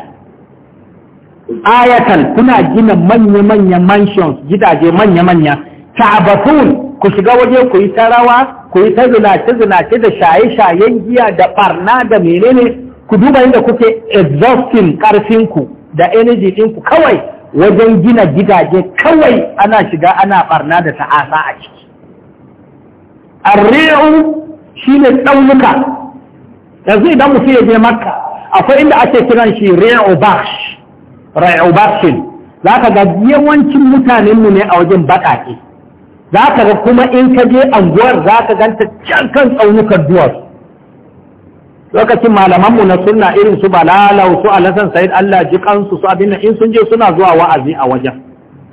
ayatan kuna gina manya-manya mansions gidaje manya-manya ta'abatun ku shiga waje ku yi tarawa ku yi ta zinace-zinace da shaye-shayen giya da barna da menene ku duba inda kuke exhausting karfinku da energy ku kawai wajen gina gidaje kawai ana shiga ana barna da ta'asa a ciki arri'u shine tsaunuka yanzu idan mu ya je makka akwai inda ake kiran shi ri'u bash ra'ubatin za ka ga yawancin mutanenmu ne a wajen baƙaƙe za ka ga kuma in ka je anguwar za ka ganta can kan tsaunukan duwatsu lokacin malamanmu na sunna irin su balalau su alasan sa'id Allah ji kansu su abin in sun je suna zuwa wa'azi a wajen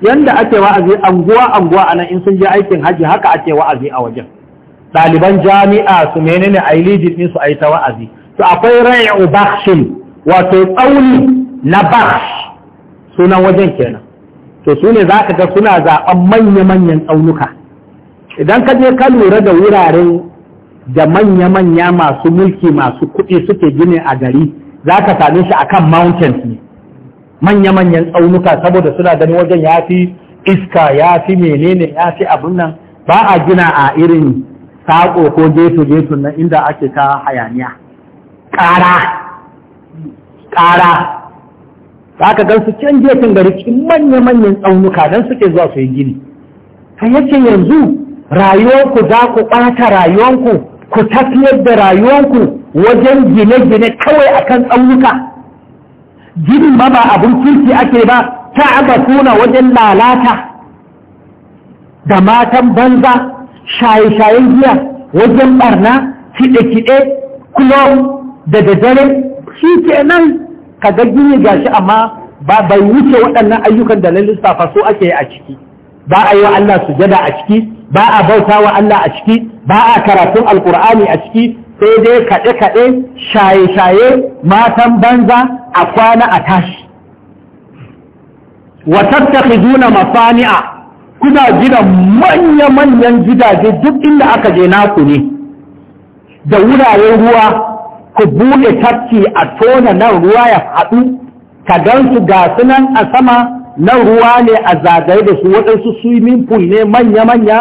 yanda ake wa'azi anguwa anguwa anan in sun je aikin haji haka ake wa'azi a wajen ɗaliban jami'a su menene a yi su a yi ta wa'azi to akwai rai'u bakshin wato tsauni na baksh sunan wajen kenan to su ne za ka ga suna zaɓen manya-manyan tsaunuka idan ka je ka lura da wuraren da manya-manya masu mulki masu kuɗi suke gini a gari za ka same shi a kan mountains ne manya-manyan tsaunuka saboda suna gani wajen ya fi iska ya fi menene ya fi abin nan ba a gina a irin saƙo ko geto-geto nan inda ake ta hayaniya ƙara ƙara za ka gan su can gefen gari cikin manya-manyan tsaunuka don suke zuwa su yi gini ka yace yanzu rayuwanku za ku ɓata rayuwanku, ku tafiyar da rayuwanku wajen gine-gine kawai akan tsaunuka gini ma ba abin kirki ake ba ta aka kuna wajen lalata da matan banza shaye-shayen giya wajen ɓarna, kiɗe-kiɗe kulon da daddare shi kenan ka ga gini gashi amma ba bai wuce waɗannan ayyukan da na lissafa so ake yi a ciki ba a yi wa Allah sujada a ciki ba a bauta wa Allah a ciki ba a karatun alkur'ani a ciki sai dai kaɗe-kaɗe shaye-shaye matan banza a kwana a tashi wa tattakhiduna masani'a kuna gina manya-manyan gidaje duk inda aka je naku ne da wuraren ruwa ku buɗe tafki a tona nan ruwa ya haɗu ka gan su ga sunan a sama nan ruwa ne a zagaye da su waɗansu swimming pool ne manya-manya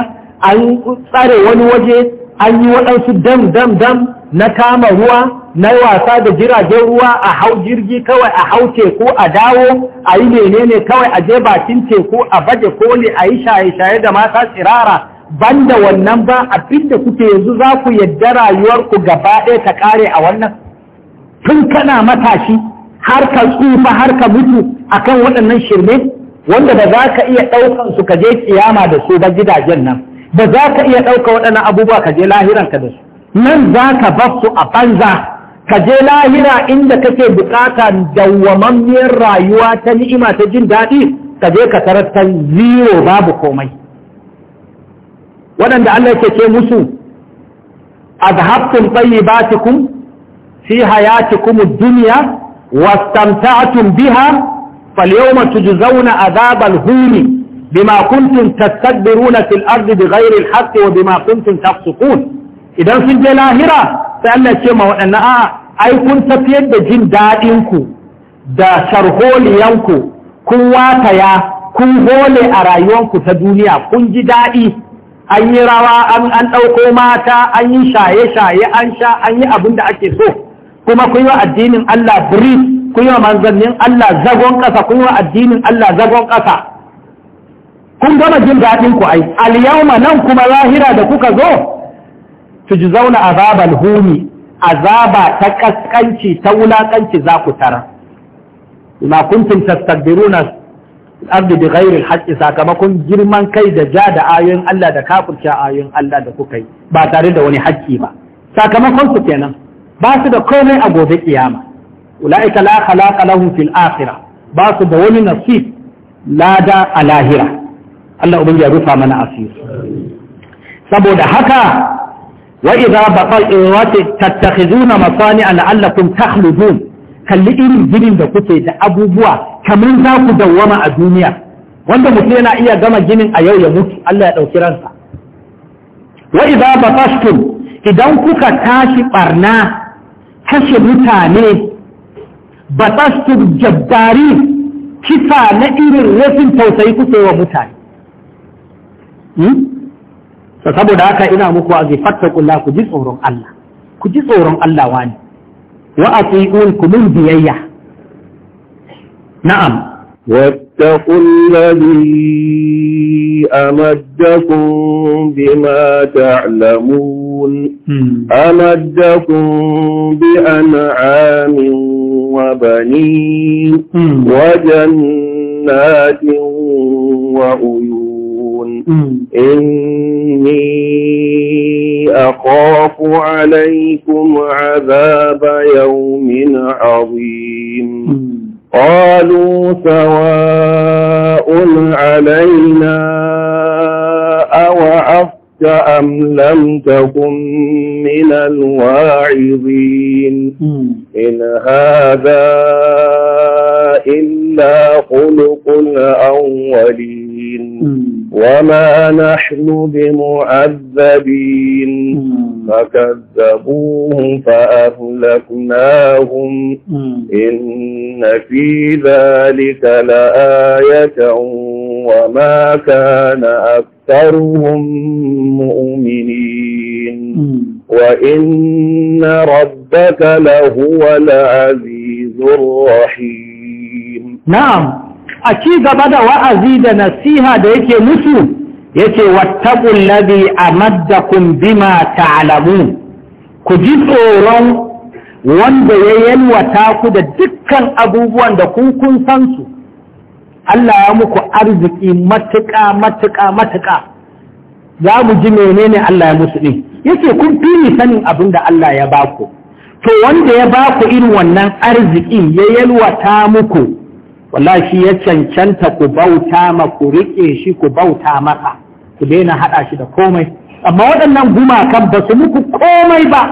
an tsare wani waje an yi waɗansu dam-dam-dam na kama ruwa na wasa da jiragen ruwa a hau jirgi kawai a hau teku a dawo a yi menene kawai a je bakin teku a baje koli a yi shaye-shaye da mata tsirara banda wannan ba abinda kuke yanzu za ku yadda rayuwarku gaba ɗaya ta ƙare a wannan tun kana matashi har ka tsufa har ka mutu akan waɗannan shirme wanda ba za ka iya ɗaukan su ka je kiyama da su ba gidajen nan ba za ka iya ɗauka waɗannan abubuwa ka je lahiran ka da su nan za ka bar su a banza ka je lahira inda kake bukata dawwamammiyar rayuwa ta ni'ima ta jin daɗi ka je ka tarar ta zero babu komai waɗanda Allah ke ce musu azhabtum tayyibatikum fi hayatikum ad-dunya wastamta'tum biha falyawma tujzauna adhabal huni bima kuntum tastakbiruna fil ardi bighayri al-haqqi wa bima kuntum tafsukun idan sun je lahira sai Allah ce ma waɗannan a ai kun tafiyar da jin dadin ku da sharholiyanku kun wataya kun hole a rayuwanku ta duniya kun ji daɗi an yi rawa an ɗauko mata an yi shaye-shaye an sha an yi abin da ake so kuma kun yi wa addinin Allah biri kun yi wa manzannin Allah zagon ƙasa kun yi wa addinin Allah zagon ƙasa kun gama jin daɗin ku ai alyawma nan kuma lahira da kuka zo zauna azabal huni azaba ta kaskanci ta wulakanci za ku tara ma kuntum tastakbiruna ardi bi ghairi sakamakon girman kai da ja da ayoyin Allah da kafirce ayoyin Allah da kuka yi ba tare da wani haƙƙi ba sakamakon su kenan ba su da komai a gobe kiyama ulaika la khalaqa lahum fil akhirah ba su da wani nasib lada a lahira Allah ubangiji ya rufa mana asiri saboda haka wa idza baqal wa tattakhizuna masani'a la'allakum takhludun kalli irin ginin da kuke da abubuwa kamar za ku dawwama a duniya wanda mutum yana iya gama ginin a yau ya mutu Allah ya ɗauki ransa wa idza batashtum idan kuka tashi ɓarna kashe mutane batashtum jabbari kisa na irin rufin tausayi kuke wa mutane hmm? saboda haka ina muku azi fattakullah ku ji tsoron Allah ku ji tsoron Allah wani وأطيعون كمين نعم واتقوا الذي أمدكم بما تعلمون أمدكم بأنعام وبنين وجنات وعيون إني أخاف عليكم عذاب يوم عظيم قالوا سواء علينا أوعظت أم لم تكن من الواعظين إن هذا إلا خلق الأولين وما نحن بمعذبين فكذبوهم فأهلكناهم إن في ذلك لآية وما كان أكثرهم مؤمنين وإن ربك لهو العزيز الرحيم نعم a ci gaba da wa'azi da nasiha da yake musu yace wattaqul a maddakun bima ta'alamu. ku ji tsoron wanda ya yalwata ku da dukkan abubuwan da kun kun san su Allah ya muku arziki matuƙa matuƙa matuƙa za mu ji menene Allah ya musu ɗin yace kun fi sanin abin da Allah ya baku to wanda ya baku irin wannan arzikin ya yalwata muku wallahi shi ya cancanta ku bauta ma ku riƙe shi ku bauta masa ku daina haɗa shi da komai amma waɗannan gumakan ba su muku komai ba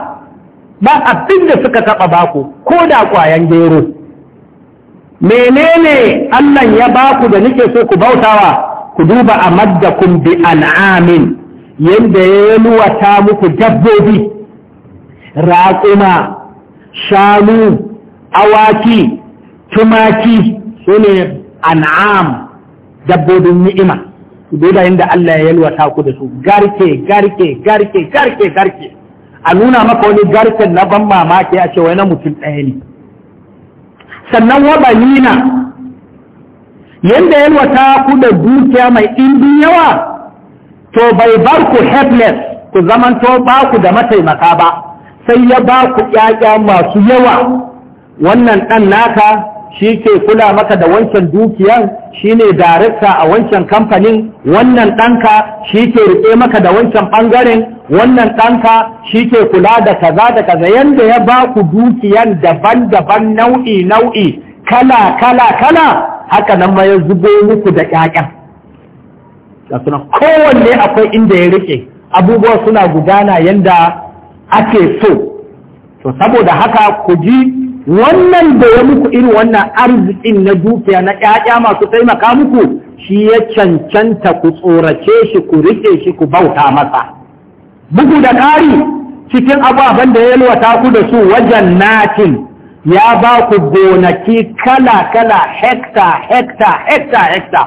ba abin da suka taɓa baku ko da ƙwayan gero menene Allah ya baku da nake so ku bautawa ku duba a maddakum bi al'amin yadda ya yalwata muku dabbobi raƙuma shanu awaki tumaki su an'am dabbobin ni'ima dolayen da Allah ya yalwata ku da su garke garke garke garke garke a nuna maka wani garken na ban mamaki a cewa na mutum ɗaya ne sannan wabalina yanda yalwata ku da dukiya mai ɗimbin yawa to bai bar ku helpless ku zamanto ba ku da mataimaka ba sai ya ba ku ƴaƴa masu yawa wannan ɗan naka shi ke kula maka da wancan dukiyan shi ne darakta a wancan kamfanin wannan ɗanka shi ke riƙe maka da wancan ɓangaren wannan ɗanka shi ke kula da kaza da kaza yadda ya ba ku dukiyan daban-daban nau'i nau'i kala kala kala haka nan ma ya zubo muku da ƴaƴan kowanne akwai inda ya riƙe abubuwa suna gudana yadda ake so to saboda haka ku ji wannan da ya muku irin wannan arzikin na dukiya na ƴaƴa masu taimaka muku shi ya cancanta ku tsorace shi ku riƙe shi ku bauta masa bugu da ƙari cikin ababen da ya yalwata ku da su wajen natin ya ba ku gonaki kala-kala hekta hekta hekta hekta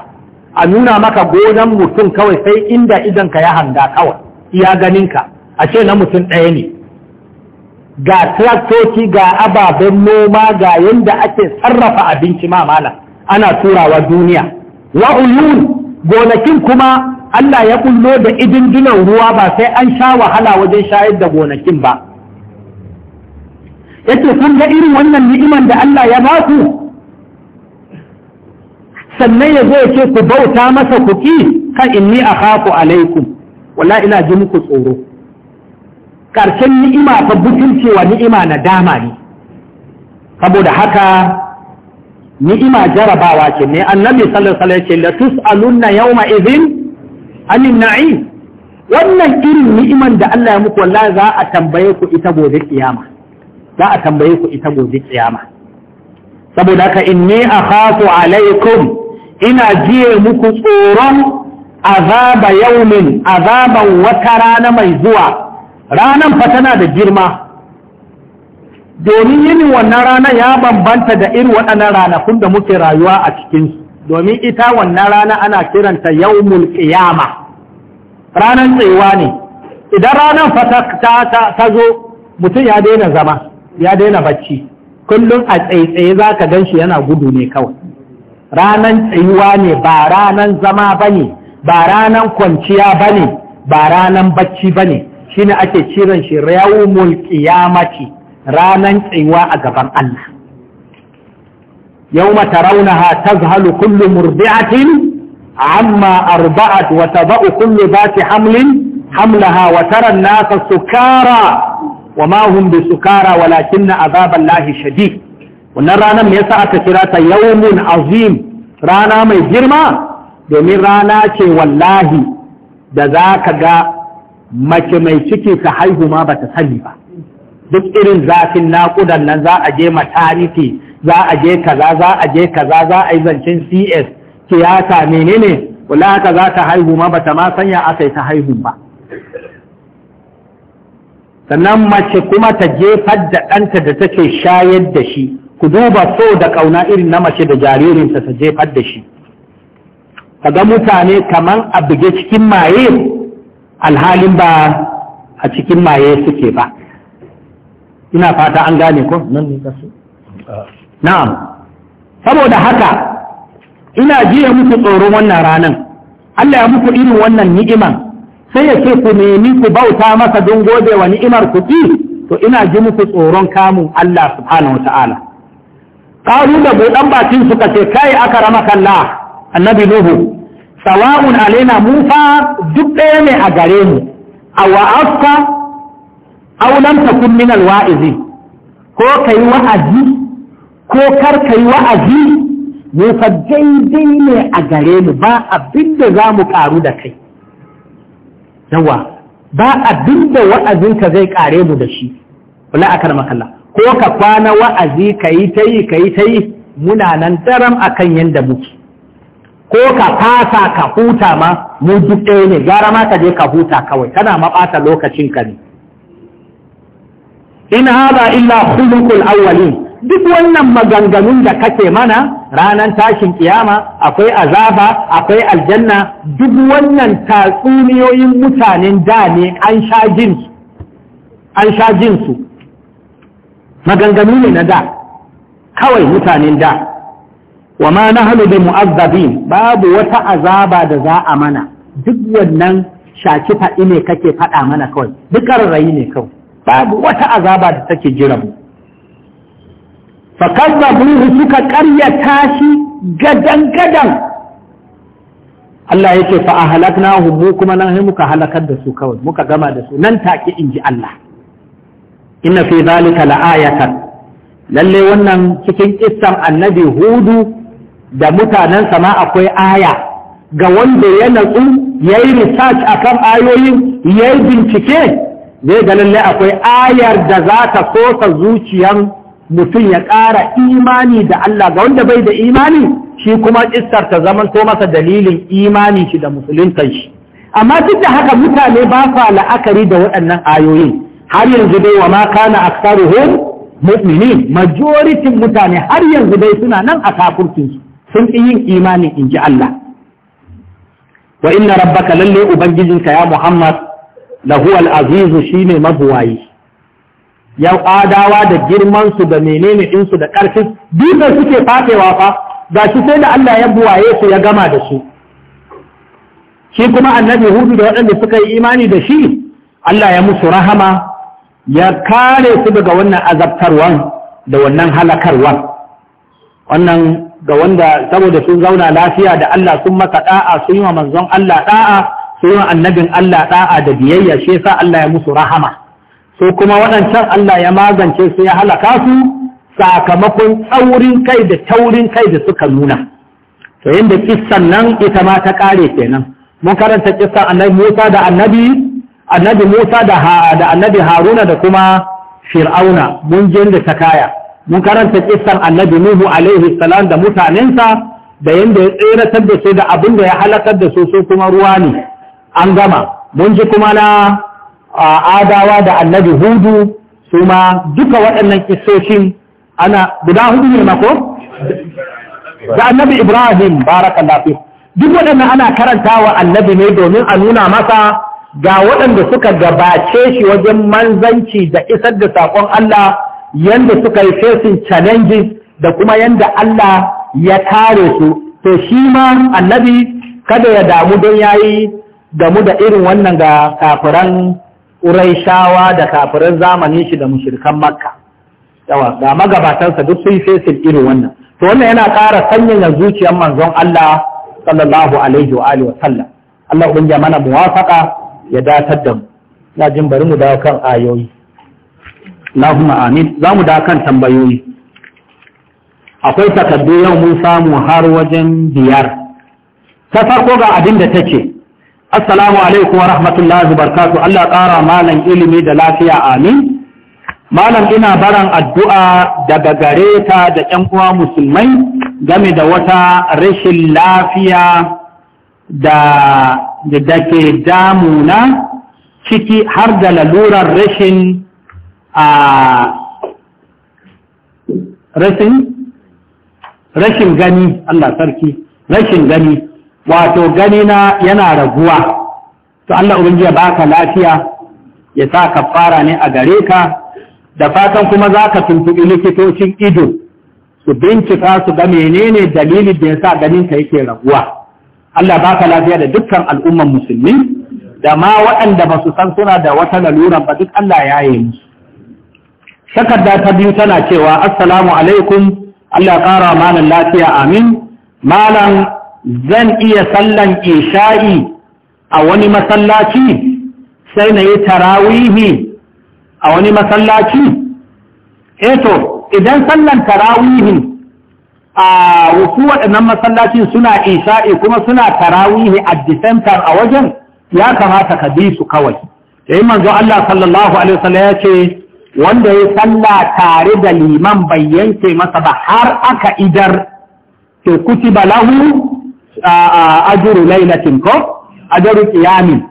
a nuna maka gonan mutum kawai sai inda idan ka ya hanga kawai iya ganinka a ce na mutum ɗaya ne ga traktoci ga ababen noma ga yadda ake sarrafa abinci ma malam ana turawa duniya wa uyun gonakin kuma Allah ya kullo da idindinan ruwa ba sai an sha wahala wajen shayar da gonakin ba yace kun ga irin wannan ni'iman da Allah ya baku sannan ya zo ya ce ku bauta masa ku ki kan inni akhafu alaikum wallahi ina ji muku tsoro Karshen ni'ima ta butulcewa ni'ima na dama ne saboda haka ni'ima jarabawa ce ne annabi sallallahu alaihi ce la tus'alunna yawma idhin anin na'im wannan irin ni'iman da Allah ya muku wallahi za a tambaye ku ita gobe kiyama za a tambaye ku ita gobe kiyama saboda haka inni akhafu alaikum ina jiye muku tsoron azaba yaumin azaban wata rana mai zuwa ranan fa tana da girma domin yin wannan rana ya bambanta da irin waɗannan ranakun da muke rayuwa a cikinsu domin ita wannan rana ana kiranta yawmul qiyama ranan tsayuwa ne idan ranan fa ta, ta, zo mutum ya daina zama ya daina bacci kullum a tsaitsaye za ka gan shi yana gudu ne kawai ranan tsayuwa ne ba ranan zama ba ne ba ranan kwanciya ba ne ba ranan bacci ba ne shine ake kiran shi yawmul qiyamati ranan tsayuwa a gaban Allah yawma tarawunaha tazhalu kullu murdi'atin amma arba'at wa tada'u ba dhati hamlin hamlaha wa tara an-nasa sukara wa ma hum na walakinna azaballahi shadid wannan ranar me yasa aka kira ta yawmun azim rana mai girma domin rana ce wallahi da za ka ga mace mai ciki ta haihu ma ba ta sani ba duk irin zafin naƙudan nan za a je matariki za a je kaza za a je kaza za a yi zancen cs tiyata menene wala haka za ta haihu ma ba ta ma sanya aka yi ta haihu ba sannan mace kuma ta jefar da ɗanta da take shayar da shi ku duba so da ƙauna irin na mace da jaririnta ta jefar da shi Ka ga mutane kaman a buge cikin maye alhalin ba a cikin maye suke ba ina fata an gane ko nan ne kasu na'am saboda haka ina jiya muku tsoron wannan ranan Allah ya muku irin wannan ni'iman sai ya ce ku nemi ku bauta masa don gode wa ni'imar ku to ina ji muku tsoron kamun Allah subhanahu wata'ala ƙaru da buɗan bakin suka ce kai aka rama kalla annabi nuhu sawa'un alaina mu duk ɗaya ne a gare mu a wa'afka aw lam takun min alwa'izi ko kai wa'azi ko kar kai wa'azi mu fa daidai ne a gare mu ba da za mu karu da kai yawa ba abin da wa'azinka zai kare mu da shi wala akar makalla ko ka kwana wa'azi kai tayi kai tayi muna nan daram akan yanda muke ko ka fasa ka huta ma mu duk ɗaya ne gara ma ka je ka huta kawai kana maɓata lokacin ka ne in haza illa khuluqul awwalin duk wannan maganganun da kake mana ranar tashin kiyama akwai azaba akwai aljanna duk wannan tatsuniyoyin mutanen da ne an sha jinsu an sha su maganganu ne na da kawai mutanen da wa ma nahnu bi mu'azzabin babu wata azaba da za a mana duk wannan shaki faɗi ne kake faɗa mana kawai duk rayi ne kawai babu wata azaba da take jira mu fa kazzabuhu suka ƙaryata shi gadan gadan Allah yake fa a halakna mu kuma nan muka halakar da su kawai muka gama da su nan take in Allah inna fi zalika la'ayatan lalle wannan cikin kissan annabi hudu da mutanensa ma akwai aya ga wanda ya natsu ya yi research a kan ayoyin ya yi bincike zai ga lalle akwai ayar da za ta sosa zuciyan mutum ya ƙara imani da Allah ga wanda bai da imani shi kuma istar ta zaman to masa dalilin imani shi da musuluntan shi amma duk da haka mutane ba sa la'akari da waɗannan ayoyin har yanzu dai wa ma kana aksaruhum mu'minin majoritin mutane har yanzu dai suna nan a kafurcinsu sun fi yin imani in ji Allah wa inna rabbaka lalle ubangijinka ya Muhammad da huwal azizu shine mabuwayi yau adawa da girmansu da menene ɗinsu da ƙarfin dukkan suke fatewa fa gashi sai da Allah ya buwaye su ya gama da su shi kuma annabi hudu da waɗanda suka yi imani da shi Allah ya musu rahama ya kare su daga wannan azabtarwan da wannan halakarwan wannan ga wanda saboda sun zauna lafiya da Allah sun maka da'a sun yi wa manzon Allah da'a sun yi wa annabin Allah da'a da biyayya shi yasa Allah ya musu rahama so kuma waɗancan Allah ya magance su ya halaka su sakamakon tsaurin kai da taurin kai da suka nuna to yadda kissan nan ita ma ta kare kenan mun karanta kissan annabi Musa da annabi annabi Musa da annabi Haruna da kuma Fir'auna mun je da ta kaya mun karanta kisan annabi nuhu alaihi salam da mutanensa da yanda ya tseratar da su da abin da ya halakar da su su kuma ruwa ne an gama mun ji kuma na adawa da annabi hudu su ma duka waɗannan kisoshin ana guda hudu ne mako da annabi ibrahim Baraka fi duk waɗannan ana karantawa annabi ne domin a nuna masa ga waɗanda suka gabace shi wajen manzanci da isar da saƙon Allah yanda suka yi fesin challenges da kuma yanda Allah ya kare su to shi ma annabi kada ya damu don yayi damu da irin wannan ga kafiran Uraishawa da kafiran zamanin shi da mushrikan Makka yawa ga magabatansa duk sun facing irin wannan to wannan yana ƙara sanyaya zuciyar manzon Allah sallallahu alaihi wa alihi wa sallam Allah ubangiji mana muwafaqa ya datar da mu na jin bari mu dawo kan ayoyi Allahumma amin za mu da kan tambayoyi akwai takardu yau mun samu har wajen biyar ta farko ga abin da ta ce assalamu alaikum wa rahmatullahi wa Allah ƙara malam ilimi da lafiya amin malam ina baran addu'a daga gare ta da ƴan uwa musulmai game da wata rashin lafiya da da ke damuna ciki har da lalurar rashin a rashin gani Allah sarki rashin gani wato gani na yana raguwa to Allah ubangiya baka lafiya ya sa kafara ne a gare ka da fatan kuma za ka tuntuɓi likitocin ido su bincika su ga menene dalilin da ya sa ganinka yake raguwa Allah baka lafiya da dukkan al'umman musulmi da ma waɗanda ba su san suna da wata lalura ba duk Allah ya yi musu takarda ta biyu tana cewa assalamu alaikum Allah ƙara malam lafiya amin malam zan iya sallan isha'i a wani masallaci sai na yi tarawihi a wani masallaci eto eh idan sallan tarawihi a wasu waɗannan masallacin suna isha'i kuma suna tarawihi a disentar a wajen ya kamata ka bi su kawai da yi manzo Allah sallallahu alaihi wasallam ya ce wanda ya salla tare da liman bai yanke masa ba har aka idar to ba lahu ajuru lailatin ko ajuru qiyamin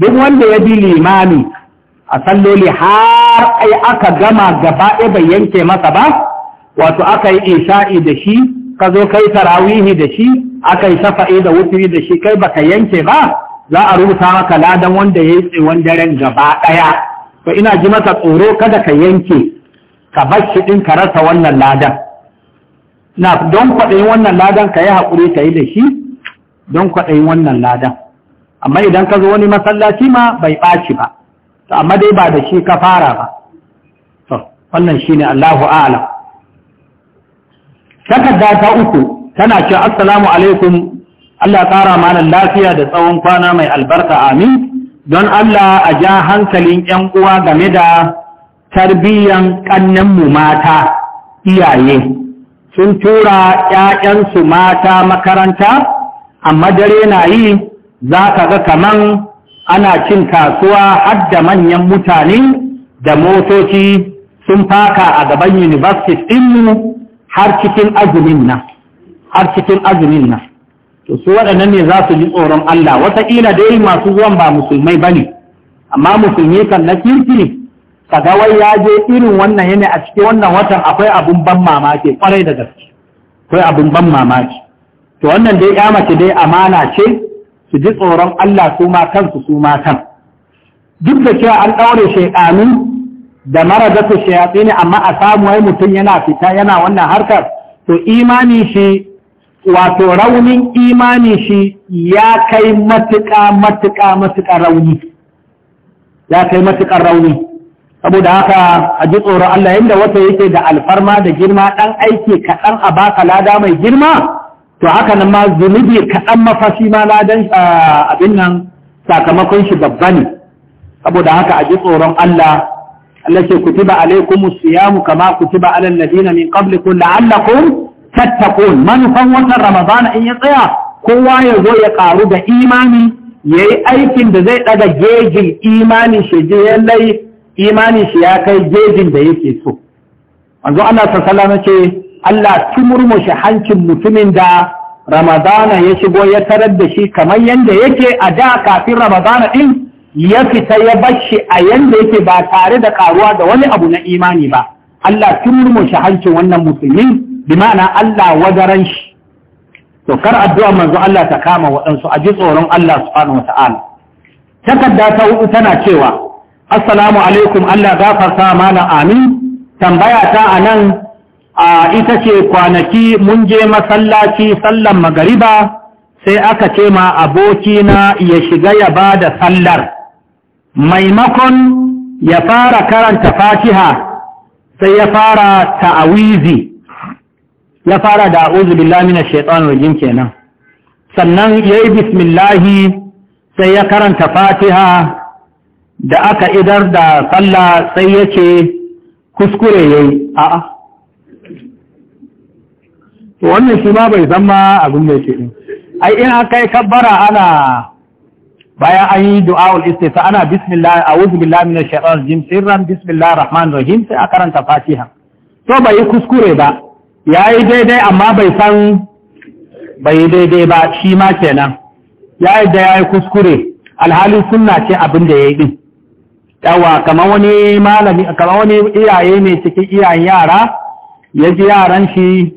duk wanda ya bi limami a salloli har aka gama gaba ɗaya bai yanke masa ba wato aka yi isha'i da shi ka zo kai tarawihi da shi aka yi safa'i da wuturi da shi kai baka yanke ba za a rubuta maka ladan wanda ya yi tsewon daren gaba ɗaya to ina ji masa tsoro kada ka yanke ka bashi ɗin ka rasa wannan ladan na don kwaɗayin wannan ladan ka yi haƙuri ka yi da shi don kwaɗayin wannan ladan amma idan ka zo wani masallaci ma bai ɓaci ba to amma dai ba da shi ka fara ba to wannan shine Allahu a'lam takarda ta uku tana cewa assalamu alaikum Allah ƙara mana lafiya da tsawon kwana mai albarka amin don Allah a ja hankalin ‘yan uwa game da tarbiyyan ƙannenmu mata iyaye sun tura ‘ya'yansu mata makaranta amma dare na yi za ka ga kaman ana cin kasuwa har da manyan mutane da motoci sun faka a gaban university ɗinmu har cikin azumin nan to su waɗannan ne za su ji tsoron Allah wataƙila dai masu zuwan ba musulmai ba ne amma musulmi kan na kirki kaga wai ya je irin wannan yana a cikin wannan watan akwai abun ban mamaki kwarai da gaske akwai abun ban mamaki to wannan dai ya mace dai amana ce su ji tsoron Allah su ma kansu su ma kan duk da cewa an ɗaure shaiɗanu da maradatu shayatsi ne amma a samu wai mutum yana fita yana wannan harkar to imani shi wato raunin imani shi ya kai matuƙa matuƙa matuƙa rauni ya kai matuƙa rauni saboda haka a ji tsoron Allah yadda wata yake da alfarma da girma ɗan aiki kaɗan a baka lada mai girma to haka nan ma zunubi kaɗan mafashi ma ladan abin nan sakamakon shi babba ne saboda haka a ji tsoron Allah Allah ce kutiba alaikumus siyamu kama kutiba alal ladina min qablikum la'allakum tattakun manufan wannan ramadana in ya tsaya kowa ya zo ya karu da imani ya yi aikin da zai daga gejin imanin shi lallai imanin shi ya kai gejin da yake so manzo Allah sallallahu ce Allah murmushi hancin mutumin da ramadana ya shigo ya tarar da shi kamar yanda yake a da kafin ramadana din ya fita ya bashi a yanda yake ba tare da karuwa da wani abu na imani ba Allah murmushi hancin wannan mutumin. Limana Allah wadaran shi to kar addu'a manzo Allah ta kama waɗansu a ji tsoron Allah subhanahu wata'ala takarda ta hudu tana cewa assalamu alaikum Allah gafarta mana amin tambaya ta anan a ita ce kwanaki mun je masallaci sallan magariba sai aka ce ma abokina ya shiga ya ba da sallar maimakon ya fara karanta fatiha sai ya fara ta'awizi ya fara da a'udhu billahi minash shaitanir rajim kenan sannan yayi bismillahi sai ya karanta fatiha da aka idar da sallah sai yace kuskure yayi a'a to wannan shi ma bai zama abin da yake din ai in aka yi kabbara ana bayan an yi du'a'ul istifa ana bismillah a'udhu billahi minash shaitanir rajim sirran bismillahir rahmanir rahim sai a karanta fatiha to bai kuskure ba ya yi daidai amma bai san bai daidai ba shi ma kenan ya yi da ya yi kuskure alhalin suna ce abin da ya yi din yawa kamar wani malami kamar wani iyaye ne cikin iyayen yara ya ji yaran shi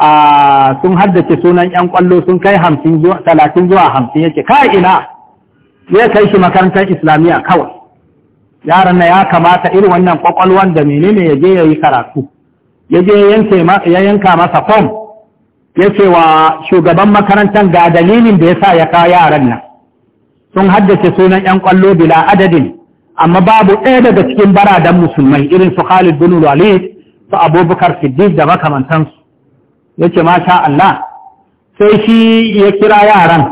a sun haddace sunan yan kwallo sun kai hamsin zuwa talatin zuwa hamsin yake ka ina ya kai shi makarantar islamiyya kawai yaran na ya kamata irin wannan kwakwalwan da menene ya je ya yi karatu ya je ya yanka masa fom ya ce wa shugaban makarantar ga dalilin da ya sa ya kawo yaran nan sun haddace sunan 'yan kwallo bila adadin amma babu ɗaya daga cikin baradan musulmai irin su Khalid bin Walid su Abubakar Siddiq da makamantansu ma masha Allah sai shi ya kira yaran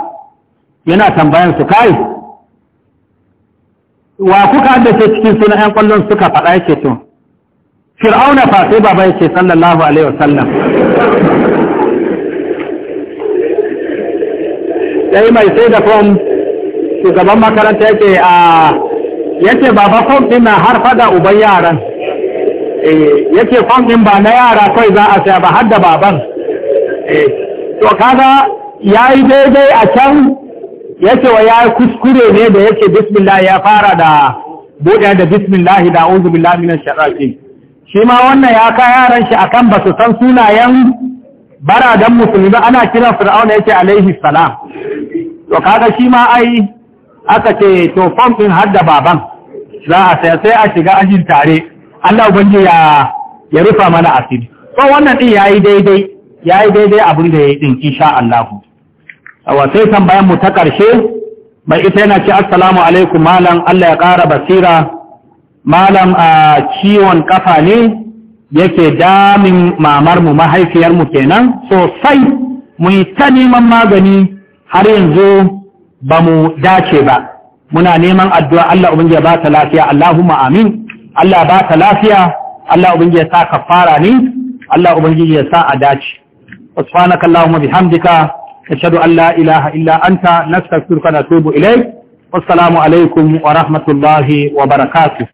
yana tambayan su kai wa kuka haddace cikin sunan 'yan kwallon suka faɗa yake tun? fir'auna fa sai baba yake sallallahu alaihi wasallam sai mai sai da fom shugaban makaranta yake a yace baba fom din na har fada uban yaran eh, yace kom din ba na yara kai za a saya ba har da baban eh, to kaga yayi daidai a can yace wa ya kuskure ne da yake bismillah ya fara da buɗe da bismillah da auzu billahi minash shaitanir shi ma wannan ya ka yaran shi akan ba su san sunayen baradan musulmi ana kiran fir'auna yake alaihi salam to kaga shi ma ai aka ce to fom din har da baban za a sai sai a shiga ajin tare Allah ubangi ya ya rufa mana asiri to wannan din yayi daidai yayi daidai abin da yayi din insha Allah wa sai tambayan mu ta karshe mai ita yana ce assalamu alaikum malam Allah ya kara basira malam a ciwon kafa ne yake damin mamarmu mahaifiyarmu kenan sosai mu yi ta neman magani har yanzu ba mu dace ba muna neman addu'a Allah ubangiji ba ta lafiya Allahumma amin Allah ba ta lafiya Allah ubangiji sa kafara ne Allah ubangiji ya sa a dace subhanaka Allahumma bihamdika ashhadu an la ilaha illa anta nastaghfiruka wa natubu ilayk wassalamu alaikum wa rahmatullahi wa barakatuh